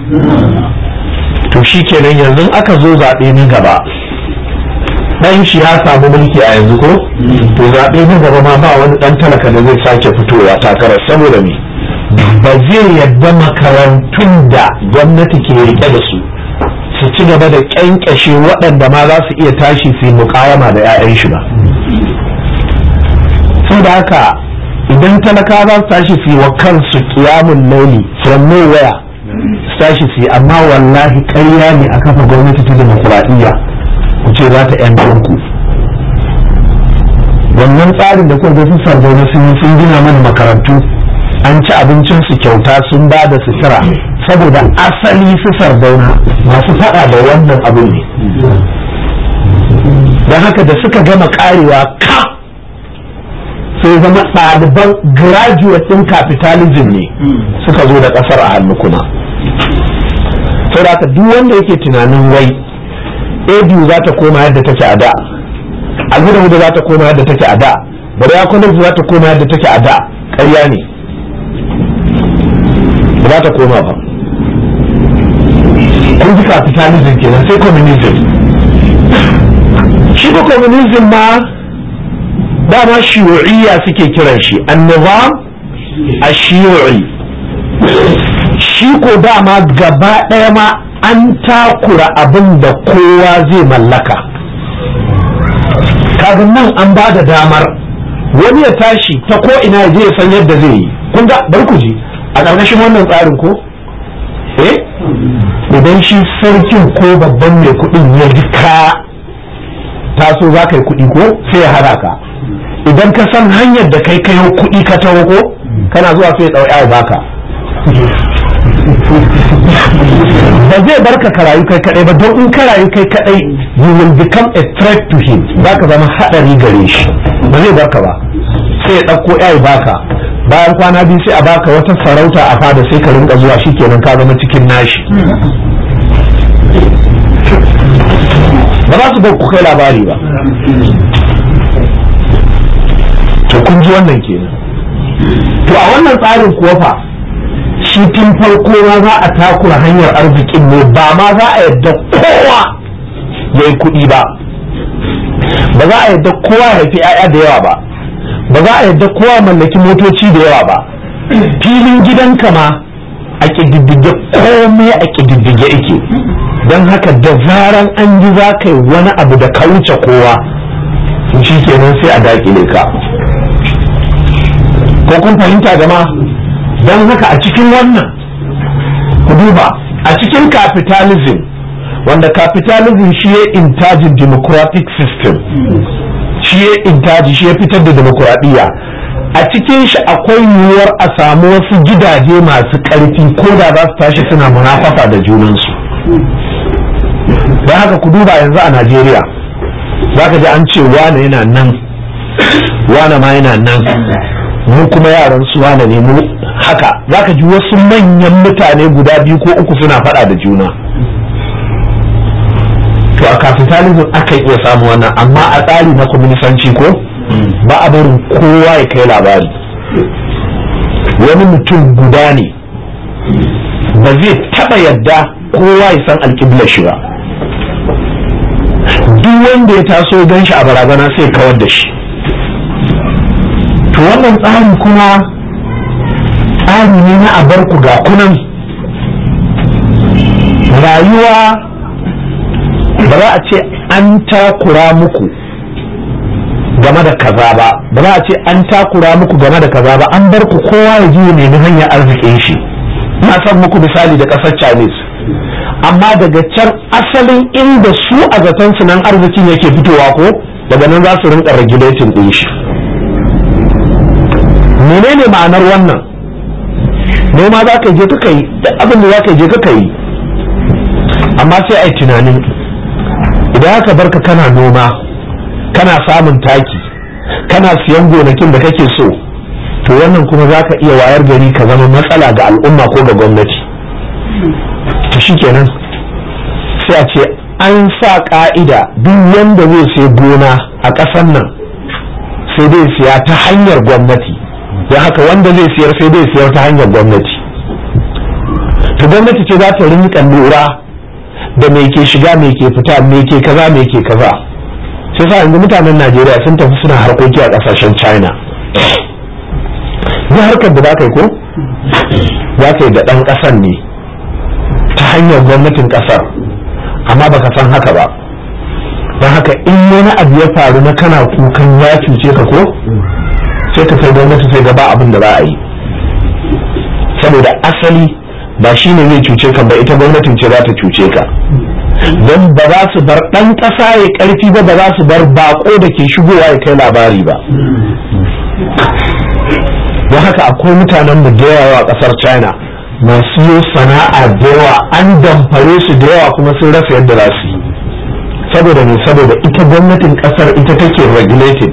to shi kenan yanzu aka zo zaɓe ni gaba dan shi ya samu mulki a yanzu ko to zaɓe ni gaba ma ba wani ɗan talaka da zai sake fitowa takarar saboda me ba zai yadda makarantun da gwamnati ke rike da su su ci gaba da kyankyashe waɗanda ma za su iya tashi su yi mukayama da 'ya'yan shi ba da haka idan talaka za su tashi su yi wa kansu kiyamun nauni from nowhere su tashi su yi amma wallahi ƙarya ne a kafa gwamnati ta demokuraɗiyya ku ce za ta 'yan ku wannan tsarin da kuma da sun yi sun gina mana makarantu an ci abincinsu kyauta sun ba da sutura saboda asali su sardauna masu faɗa da wannan abu ne don haka da suka gama karewa ka sai zama ɗaliban graduate ɗin capitalism ne suka zo da ƙasar a hannu kuma saboda duk wanda yake tunanin wai edu za ta koma yadda take a da za ta koma yadda take a da bari ya za ta koma yadda take a da ƙarya ne ba ta koma ba kun ji kenan sai communism shi ko communism ma dama shiyu'iyya suke kiran shi annaba ashiyu'i shi ko ma gaba ɗaya ma an takura abin da kowa zai mallaka kafin nan an ba da damar wani ya tashi ta ko ina ya je ya san yadda zai yi kun ga barku ji a ƙarƙashin wannan tsarin ko eh idan shi sarkin ko babban mai kuɗin ya ji ka taso za ka yi kuɗi ko sai ya hada ka idan ka san hanyar da kai kayo kuɗi ka tawo ko kana zuwa sai ya ɗau ba ka ba zai bar ka karayu kai kadai ba don in karayu kai kadai you will become a threat to him za ka zama haɗari gare shi ba zai bar ka ba sai ya ɗauko ba baka bayan kwana biyu sai a baka wata sarauta a fada sai ka rinka zuwa shi kenan ka zama cikin nashi ba za su ku kai labari ba to kun ji wannan kenan to a wannan tsarin kuwa fa shi tun farko ma za a takura hanyar arzikin ne ba ma za a yadda kowa ya yi kuɗi ba ba za a yadda kowa ya haifi 'ya'ya da yawa ba ba za a yadda kowa mallaki motoci da yawa ba filin gidanka ma a ƙididdige komai a ƙididdige ake, don haka da zaran an ji za ka yi wani abu da ka wuce kowa shi kenan sai a ne ka ko kun fahimta gama don haka a cikin wannan ku duba a cikin capitalism wanda capitalism shi ya intajin democratic system shi ya intaji shi ya fitar da demokuraɗiyya a cikin shi akwai yiwuwar a samu wasu gidaje masu ƙarfi ko da za su tashi suna munafafa da junansu don haka ku duba yanzu a najeriya za ka ji an ce wane yana nan wane ma yana nan mu kuma yaran su wane ne mu haka za ka ji wasu manyan mutane guda biyu ko uku suna faɗa da juna to a capitalism aka iya samu wannan amma a tsari na kwaminisanci ko ba a barin kowa ya kai labari wani mutum guda ne ba zai taba yadda kowa ya san alƙiblar shi ba duk wanda ya taso don shi a barazana sai kawar da shi to wannan tsarin kuma tsari ne na abar ga kunan rayuwa ba za a ce an takura muku game da kaza ba ba za a ce an takura muku game da kaza ba an bar ku kowa ya ji ya nemi hanyar arzikin shi na san muku misali da kasar chinese amma daga can asalin inda su a zaton nan arzikin yake fitowa ko daga nan za su rinka regulating ɗin shi menene ma'anar wannan noma za ka je ka yi abin da za ka je ka yi amma sai a yi tunanin idan aka barka kana noma kana samun taki kana siyan gonakin da kake so to wannan kuma za ka iya wayar gari ka zama matsala ga al'umma ko ga gwamnati to shi kenan sai a ce an sa ka'ida duk wanda zai sai gona a ƙasan nan sai dai siya ta hanyar gwamnati don haka wanda zai siyar sai dai siyar ta hanyar gwamnati to gwamnati ce za ta rinka lura da me ke shiga me ke fita me ke kaza me ke kaza sai sa yanzu mutanen Najeriya sun tafi suna harkoki a kasashen China ni harkar da za yi ko za ka yi da ɗan ƙasan ne ta hanyar gwamnatin ƙasar amma baka san haka ba don haka in wani abu ya faru na kana kukan ya cuce ka ko sai ka sai gwamnati sai gaba abin da za a yi saboda asali ba shi ne zai cuce ka ba ita gwamnatin ce za ta cuce ka don ba za su bar ɗan ƙasa ya ƙarfi ba ba za su bar bako da ke shigowa ya kai labari ba don haka akwai mutanen mu da yawa a ƙasar china masu yi sana'a da yawa an damfare su da yawa kuma sun rasa yadda za su yi saboda ne saboda ita gwamnatin ƙasar ita take regulated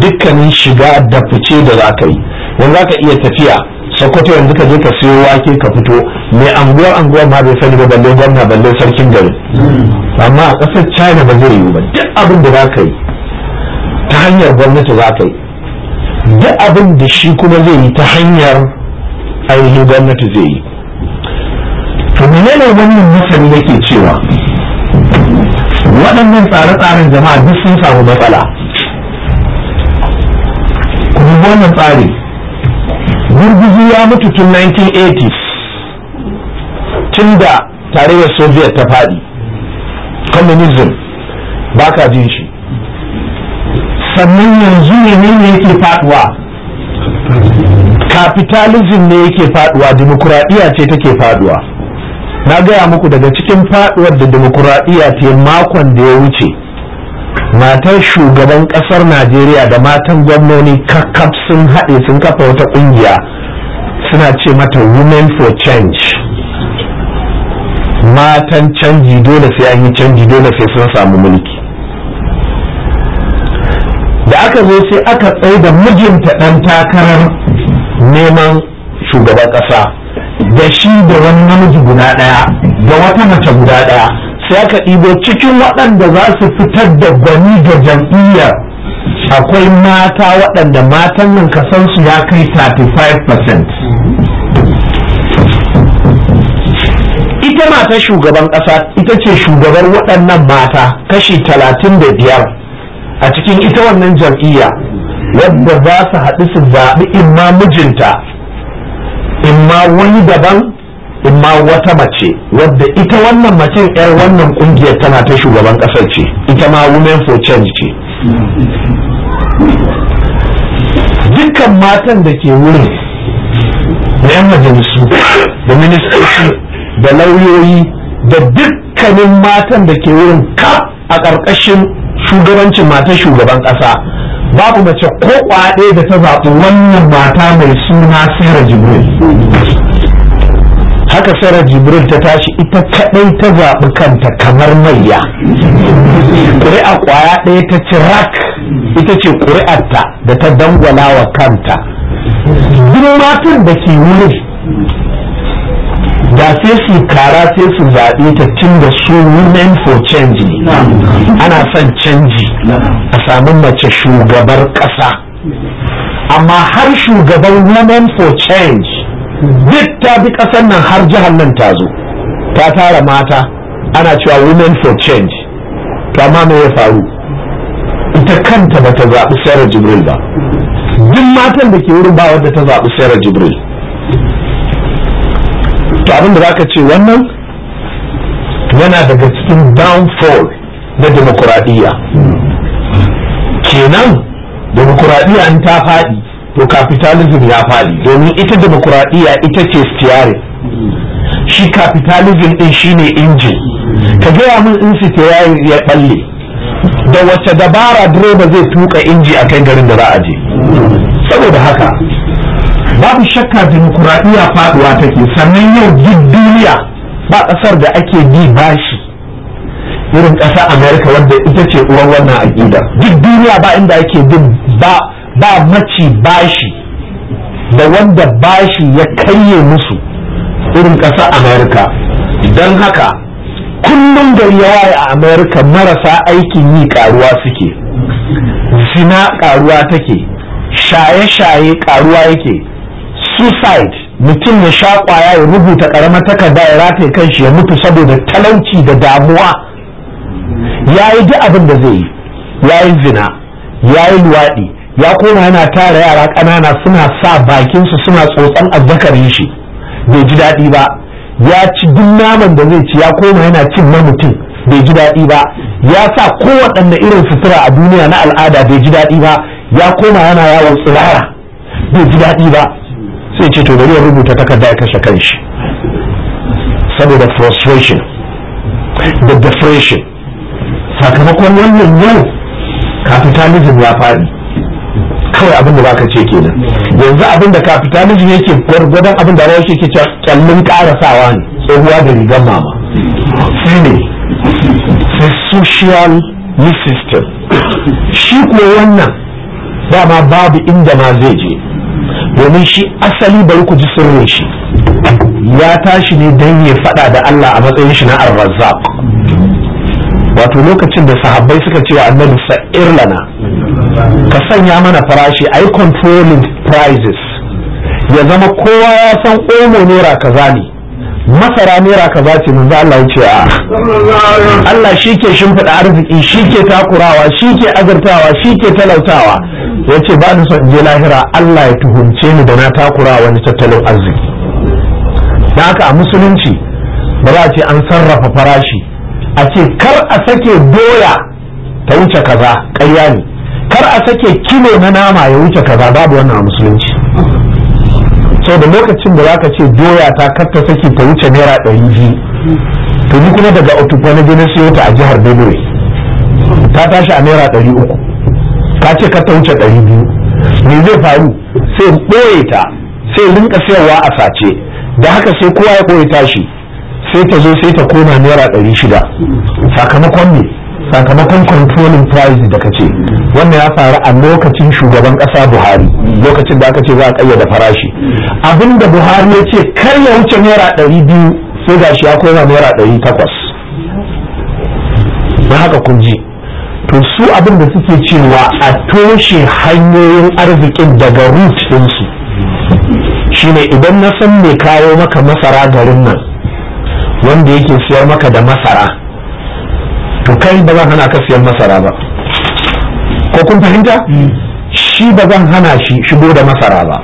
dukkanin shiga da fice da za ka yi yanzu za ka iya tafiya sokoto yanzu ka je ka siyo wake ka fito mai anguwar anguwar ma bai sani ba balle gwamna balle sarkin gari amma a ƙasar china ba zai yi ba duk abin da za ka yi ta hanyar gwamnati za ka yi duk abin da shi kuma zai yi ta hanyar ainihin gwamnati zai yi to menene wannan masani yake cewa waɗannan tsare-tsaren jama'a duk sun samu matsala kuma wannan tsari gurguzu ya mutu tun 1980 s tun da tarayyar soviet ta faɗi communism ba ka jin shi sannan yanzu ne ne yake faduwa capitalism ne yake faduwa demokuraɗiyya ce take faduwa na gaya muku daga cikin faduwar da demokuraɗiyya ce makon da ya wuce Matan shugaban kasar najeriya da matan gwamnoni kakkaf sun haɗe sun kafa wata ƙungiya suna ce mata women for change matan canji dole sai an yi canji dole sai sun samu mulki da aka zo sai aka tsaye da mijinta ɗan takarar neman shugaban ƙasa da shi da wani namiji guda ɗaya da wata mace guda ɗaya sai aka ɗibo cikin waɗanda za su fitar da gwani ga jam'iyyar akwai mata waɗanda matan nan su ya kai 35% ita mata shugaban ƙasa ita ce shugaban waɗannan mata kashi 35 a cikin ita wannan jam'iyya wadda za su haɗu su zaɓi imma mijinta imma wani daban in ma wata mace wadda ita wannan macen yar wannan kungiyar tana ta shugaban kasar ce ita ma women for change ce dukkan matan da ke wurin na yan majalisu da ministoci da lauyoyi da dukkanin matan da ke wurin ka a ƙarƙashin shugabancin matan shugaban ƙasa babu mace ko kwaɗe da ta zaɓi wannan mata mai suna sarah jibril haka sara jibril ta tashi ita kadai ta zaɓi kanta kamar maiya ƙuri'a ƙwaya ɗaya ta ci rak ita ce ƙuri'arta da ta dangwala wa kanta duk matan da ke wuri da sai su kara sai su zaɓe ta tun da su women for change ana son canji a samu mace shugabar ƙasa amma har shugaban women for change duk ta bi ƙasar nan har jihar nan ta zo ta tara mata ana cewa women for change Ta mamaye ya faru ita kanta ba ta zaɓi sarah jibril ba duk matan da ke wurin ba wadda ta zaɓi sarah jibril to abin da za ka ce wannan yana daga cikin downfall na demokuraɗiyya kenan demokuraɗiyya in ta faɗi to capitalism ya faɗi domin ita demokuraɗiyya ita ce steering shi capitalism din shine inji. ka gaya min in steering ya balle da wace dabara direba zai tuka inji a kai garin da za a je saboda haka babu shakka demokuraɗiyya faɗuwa take sannan yau duk duniya ba ƙasar da ake bi bashi irin ƙasa amerika wadda ita ce uwar wannan aƙida duk duniya ba inda ake bin ba ba maci bashi da wanda bashi ya karye musu irin ƙasa amerika don haka kullum da ya waye a amerika marasa aikin yi karuwa suke zina karuwa take shaye-shaye karuwa yake suicide mutum ya sha kwaya ya rubuta karamar takarda ya rataye kanshi ya mutu saboda talauci da damuwa ya yi duk abin da zai yi ya yi zina ya yi luwaɗi ya koma yana tara yara ƙanana suna sa bakinsu suna tsotsan azzakarin shi bai ji daɗi ba ya ci duk naman da zai ci ya koma yana cin na mutum bai ji daɗi ba ya sa kowaɗanne irin sutura a duniya na al'ada bai ji daɗi ba ya koma yana yawon tsirara bai ji daɗi ba sai ce to bari ya rubuta takarda ya kashe kanshi saboda frustration da depression sakamakon wannan yau capitalism ya faɗi kawai abin da baka ce kenan yanzu abin da capitalism yake gwargwadon abin da rawar ke kyallin sawa ne tsohuwa da rigar mama shi ne the social system shi kuwa wannan dama babu inda ma zai je domin shi asali bari ku ji sirrin shi ya tashi ne don ya faɗa da Allah a matsayin shi na arrazzaq wato lokacin da sahabbai suka ce wa annabi sa'ir lana ka sanya mana farashi ai controlling prices ya zama kowa ya san omo naira kaza ne masara naira kaza ce manzo Allah ya ce a ah. Allah shike shimfiɗa arziki shike takurawa shike azartawa shike talautawa yace ba ni son je lahira Allah ya tuhunce ni da na takura wani tattalin arziki da haka a musulunci ba za a ce an sarrafa farashi a ce kar a sake doya ta wuce kaza ƙarya ne kar a sake kilo na nama ya wuce kaza babu wannan a musulunci sau da lokacin da za ka ce doya ta kar ta sake ta wuce naira ɗari biyu to ni kuma daga otukwa na gina ta a jihar benue ta tashi a naira ɗari uku ka ce kar ta wuce ɗari biyu me zai faru sai ɓoye ta sai rinka sayarwa a sace da haka sai kowa ya ɓoye tashi sai ta zo sai ta koma naira ɗari shida sakamakon ne sakamakon controlling price da kace wannan ya faru a lokacin shugaban ƙasa buhari lokacin da aka ce za a ƙayyada farashi abinda buhari ya ce kar ya wuce naira ɗari biyu sai shi ya koma naira ɗari takwas na haka kun ji to su abin da suke cewa a toshe hanyoyin arzikin daga root ɗinsu shine idan na san mai kawo maka masara garin nan wanda yake siyar maka da masara to kai ba zan hana ka siyan masara ba ko kun fahimta hmm. shi ba zan hana shi shigo da masara ba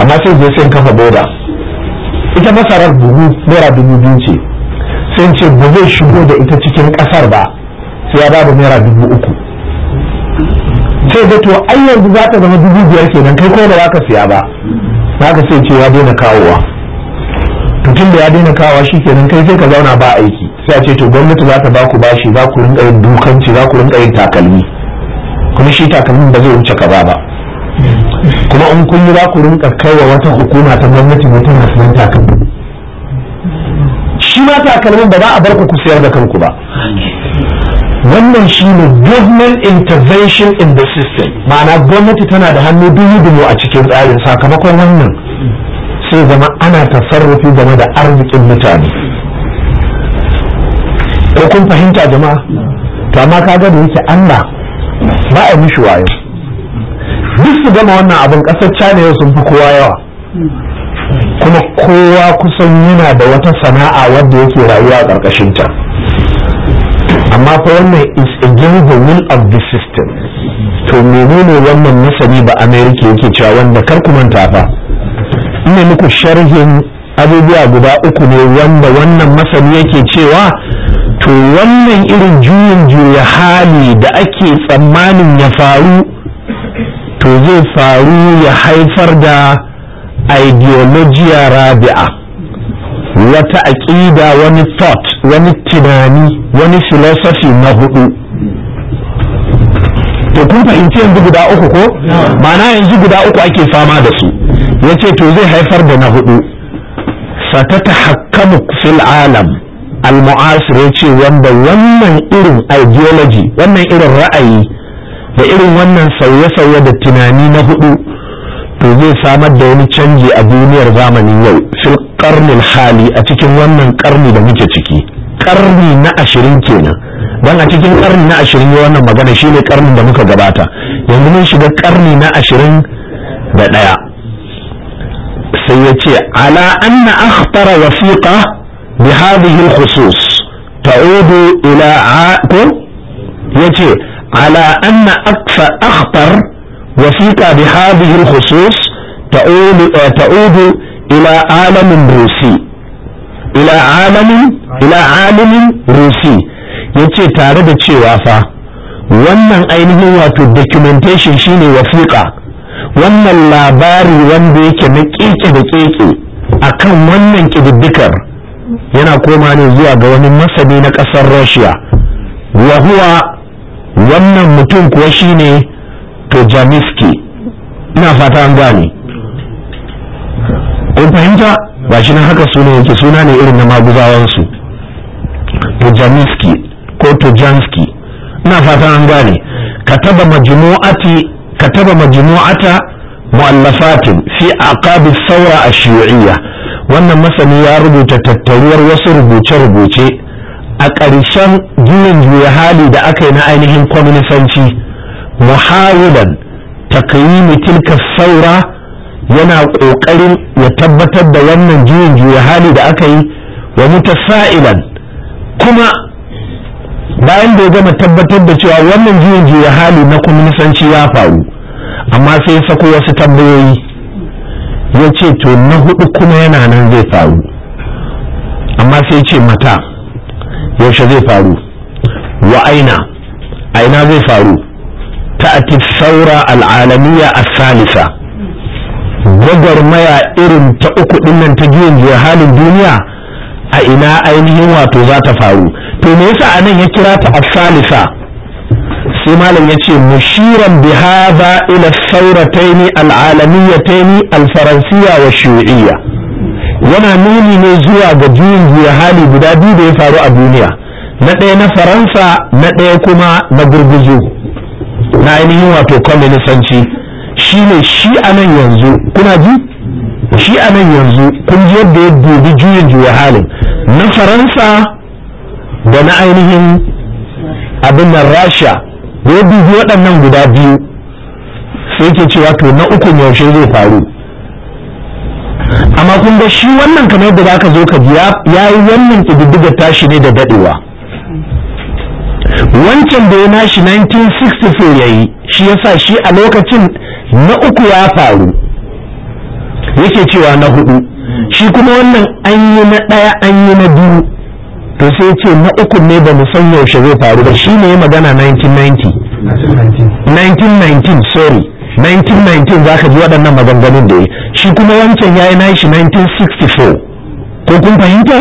amma sai zai sai kafa boda ita masarar buhu naira dubu biyu ce sai ce ba zai shigo da ita cikin kasar ba sai ya ba da naira dubu uku sai da to ai za ta zama dubu biyar kenan kai ko ba za ka siya ba za ka sai ce ya daina kawowa mutum da ya daina kawa shi kenan kai sai ka zauna ba aiki sai a ce to gwamnati za ta ba ku bashi za ku rinka yin dukanci za ku rinka yin takalmi kuma shi takalmin ba zai wuce kaza ba kuma in kun yi za ku rinka wa wata hukuma ta gwamnati ne tana siyan takalmi shi ma takalmin ba za a bar ku ku sayar da kanku ba wannan shi ne government intervention in the system ma'ana gwamnati tana da hannu dubu a cikin tsarin sakamakon wannan sai zama ana tasarrufi game da arzikin mutane ko kun fahimta jama'a to amma ka da yake Allah ba a mishi wayo duk su gama wannan abin kasar China yau sun fi kowa yawa kuma kowa kusan yana da wata sana'a wanda yake rayuwa a ƙarƙashin ta amma fa wannan is against the will of the system to menene wannan masani ba america yake cewa wanda kar ku manta fa ina muku sharhin abubuwa guda uku ne wanda wannan masani yake cewa to wannan irin juyin juya hali da ake tsammanin ya faru to zai faru ya haifar da ideologiya rabi'a wata aƙida wani thought wani tunani wani philosophy na hudu to kun fahimci yanzu guda uku ko ma'ana yanzu guda uku ake fama da su ya ce to zai haifar da na hudu ta hakkamu fil alam al-mu'asir ya ce wanda wannan irin ideology wannan irin ra'ayi da irin wannan sauye-sauye da tunani na hudu to zai samar da wani canji a duniyar zamanin yau fil karnil hali a cikin wannan karni da muke ciki karni na ashirin kenan don a cikin karni na ashirin ya wannan magana shi ne karnin da muka gabata yanzu mun shiga karni na ashirin da ɗaya sai ya ce ala anna akhtara wasiqa bi hadhihi al-khusus ta'udu ila yace ala anna akfa akhtar wasiqa bi hadhihi al-khusus ta'udu eh, ta'udu ila alamin rusi ila ila rusi yace tare da cewa fa wannan ainihin wato documentation shine wasiqa wannan labari wanda yake na keke da keke a kan wannan kididdikar yana koma ne zuwa ga wani masani na ƙasar russia wa wannan mutum kuwa shine Tojaniski ina fata an gane kun fahimta ba shi na haka suna yake suna ne irin na maguzawansu Tojaniski ko Tojanski ina fata an gane kataba majmu'ati taɓa majmu'ata mu'allafatin fi aqabi saura a shiyu'iyya wannan masani ya rubuta tattaruwar wasu rubuce-rubuce a ƙarshen juyin juya hali da aka yi na ainihin kwaminisanci muhawilan takyimi tilka saura yana ƙoƙarin ya tabbatar da wannan juyin juya hali da aka yi wa mutasa'ilan kuma bayan da ya gama tabbatar da cewa wannan juyin hali na kwaminisanci ya faru amma sai ya sako wasu tambayoyi ya ce to na hudu kuma yana nan zai faru amma sai ya ce mata yaushe zai faru wa aina aina zai faru ta saura al'alamiya a salisa gwagwarmaya irin ta uku dinnan ta juyin hali halin duniya a ina ainihin wato za ta faru to me yasa anan ya kira ta asalisa sai malam ya ce mushiran bi hadha ila saurataini al-alamiyataini al wa shu'iyya yana nuni ne zuwa ga juyin juya hali guda biyu da ya faru a duniya na ɗaya na faransa na ɗaya kuma na gurguzu na ainihin wato kwaminisanci shi ne shi a nan yanzu kuna ji shi a nan yanzu kun ji yadda ya dubi juyin juya halin na faransa da na ainihin abin nan rasha da ya dubi waɗannan guda biyu sai ke cewa to na uku yaushe zai faru amma kun ga shi wannan kamar yadda za ka zo ka biya ya yi wannan ƙididdigar tashi ne da daɗewa wancan da ya nashi 1964 ya yi shi ya sa shi a lokacin na uku ya faru yake cewa na hudu shi kuma wannan an yi na ɗaya an yi na biyu to sai ce na uku ne ba mu san yaushe zai faru ba shi ne ya magana 1990 1919 sorry 1919 za ka ji waɗannan maganganun da ya shi kuma wancan ya yi na shi 1964 ko kun fahimta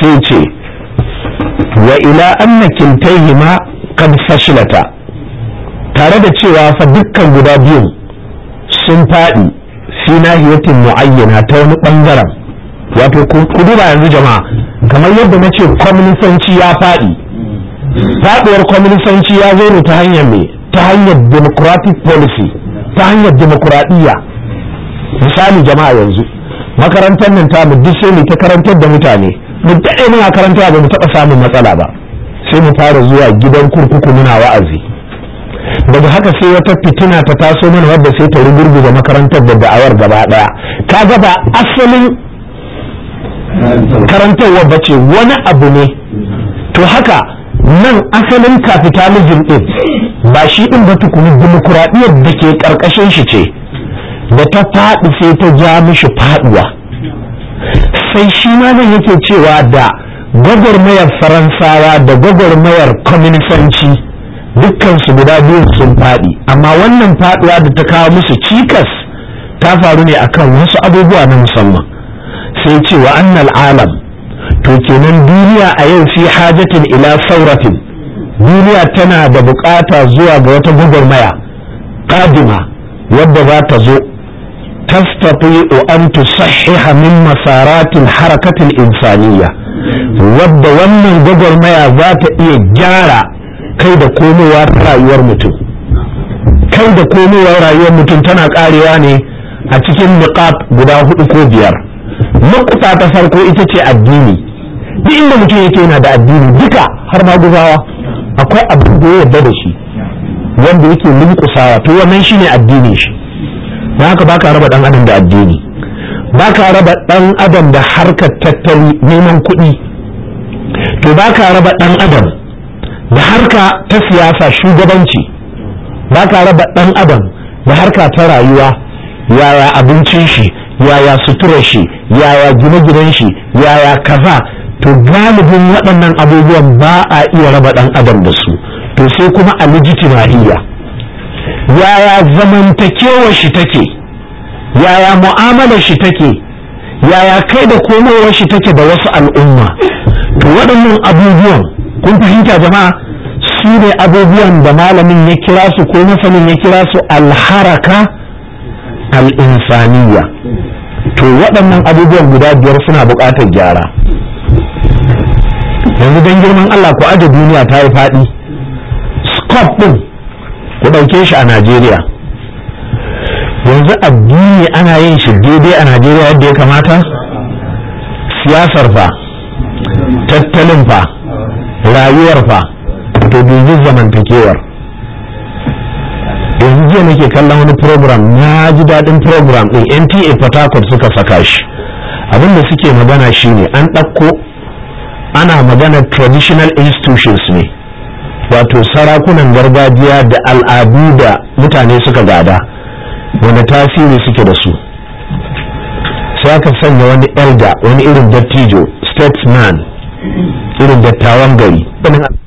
sai ce wa ila anna ma kad fashilata tare da cewa fa dukkan guda biyun sun faɗi fi nahiyatin muayyana ta wani bangaren wato ku duba yanzu jama'a kamar yadda na ce kwaminisanci ya faɗi faɗuwar kwaminisanci ya zo ne ta hanyar me ta hanyar democratic policy ta hanyar demokuraɗiyya misali jama'a yanzu makarantar nan ta duk sai mu ta karantar da mutane mu daɗe muna karantar ba mu taɓa samun matsala ba sai mu fara zuwa gidan kurkuku muna wa'azi daga haka sai wata fitina ta taso mana wadda sai ta rugurguza makarantar da da'awar gaba daya ka ga ba asalin karantarwa ba ce wani abu ne to haka nan asalin capitalism din ba shi din ba tukuni dimokuraɗiyyar da ke ƙarƙashin shi ce da ta faɗi sai ta ja mishi faɗuwa sai shi ma nan yake cewa da gwagwarmayar faransawa da gwagwarmayar kwaminisanci dukkansu guda biyu sun faɗi amma wannan faɗuwa da ta kawo musu cikas ta faru ne akan wasu abubuwa na musamman sai ce wa annal alam to kenan duniya a yau fi hajatin ila sauratin duniya tana da bukata zuwa ga wata gwagwarmaya kadima wadda za ta zo تستطيع أن تصحح min masaratin harakatin insaniya wadda wannan gwagwarmaya za ta iya gyara kai da komowa ta rayuwar mutum kai da komowa rayuwar mutum tana karewa ne a cikin niqab guda hudu ko biyar nukuta ta farko ita ce addini duk inda mutum yake yana da addini duka har ma gubawa akwai abin da ya yarda da shi wanda yake linkusawa to wannan shine addinin shi Na haka baka raba dan adam da addini baka raba dan adam da harkar tattali neman kuɗi to baka raba dan adam da harka ta siyasa shugabanci ba ka raba ɗan adam da harka ta rayuwa yaya abincin shi yaya suturar shi yaya gine-ginen shi yaya kaza to galibin waɗannan abubuwan ba a iya raba ɗan adam da su to sai kuma a lijitimahiyya yaya zamantakewa shi take yaya mu'amala shi take yaya kai da komowa shi take da wasu al'umma to waɗannan abubuwan kun fahimta jama'a su ne abubuwan da malamin ya kira su ko masanin ya kira su alharaka al'insaniya to waɗannan abubuwan guda biyar suna buƙatar gyara yanzu don girman Allah ku aje duniya ta yi faɗi scope ɗin ku ɗauke shi a Najeriya yanzu addini ana yin shi daidai a Najeriya yadda ya kamata siyasar fa tattalin fa rayuwar fa to dubi zamantakewar yanzu jiya nake kallon wani program na ji daɗin program ɗin nta port suka saka shi abin da suke magana shine an ɗauko ana magana traditional institutions ne wato sarakunan gargajiya da al'adu da mutane suka gada wanda tasiri suke da su sai aka sanya wani elder wani irin dattijo statesman irin dattawan gari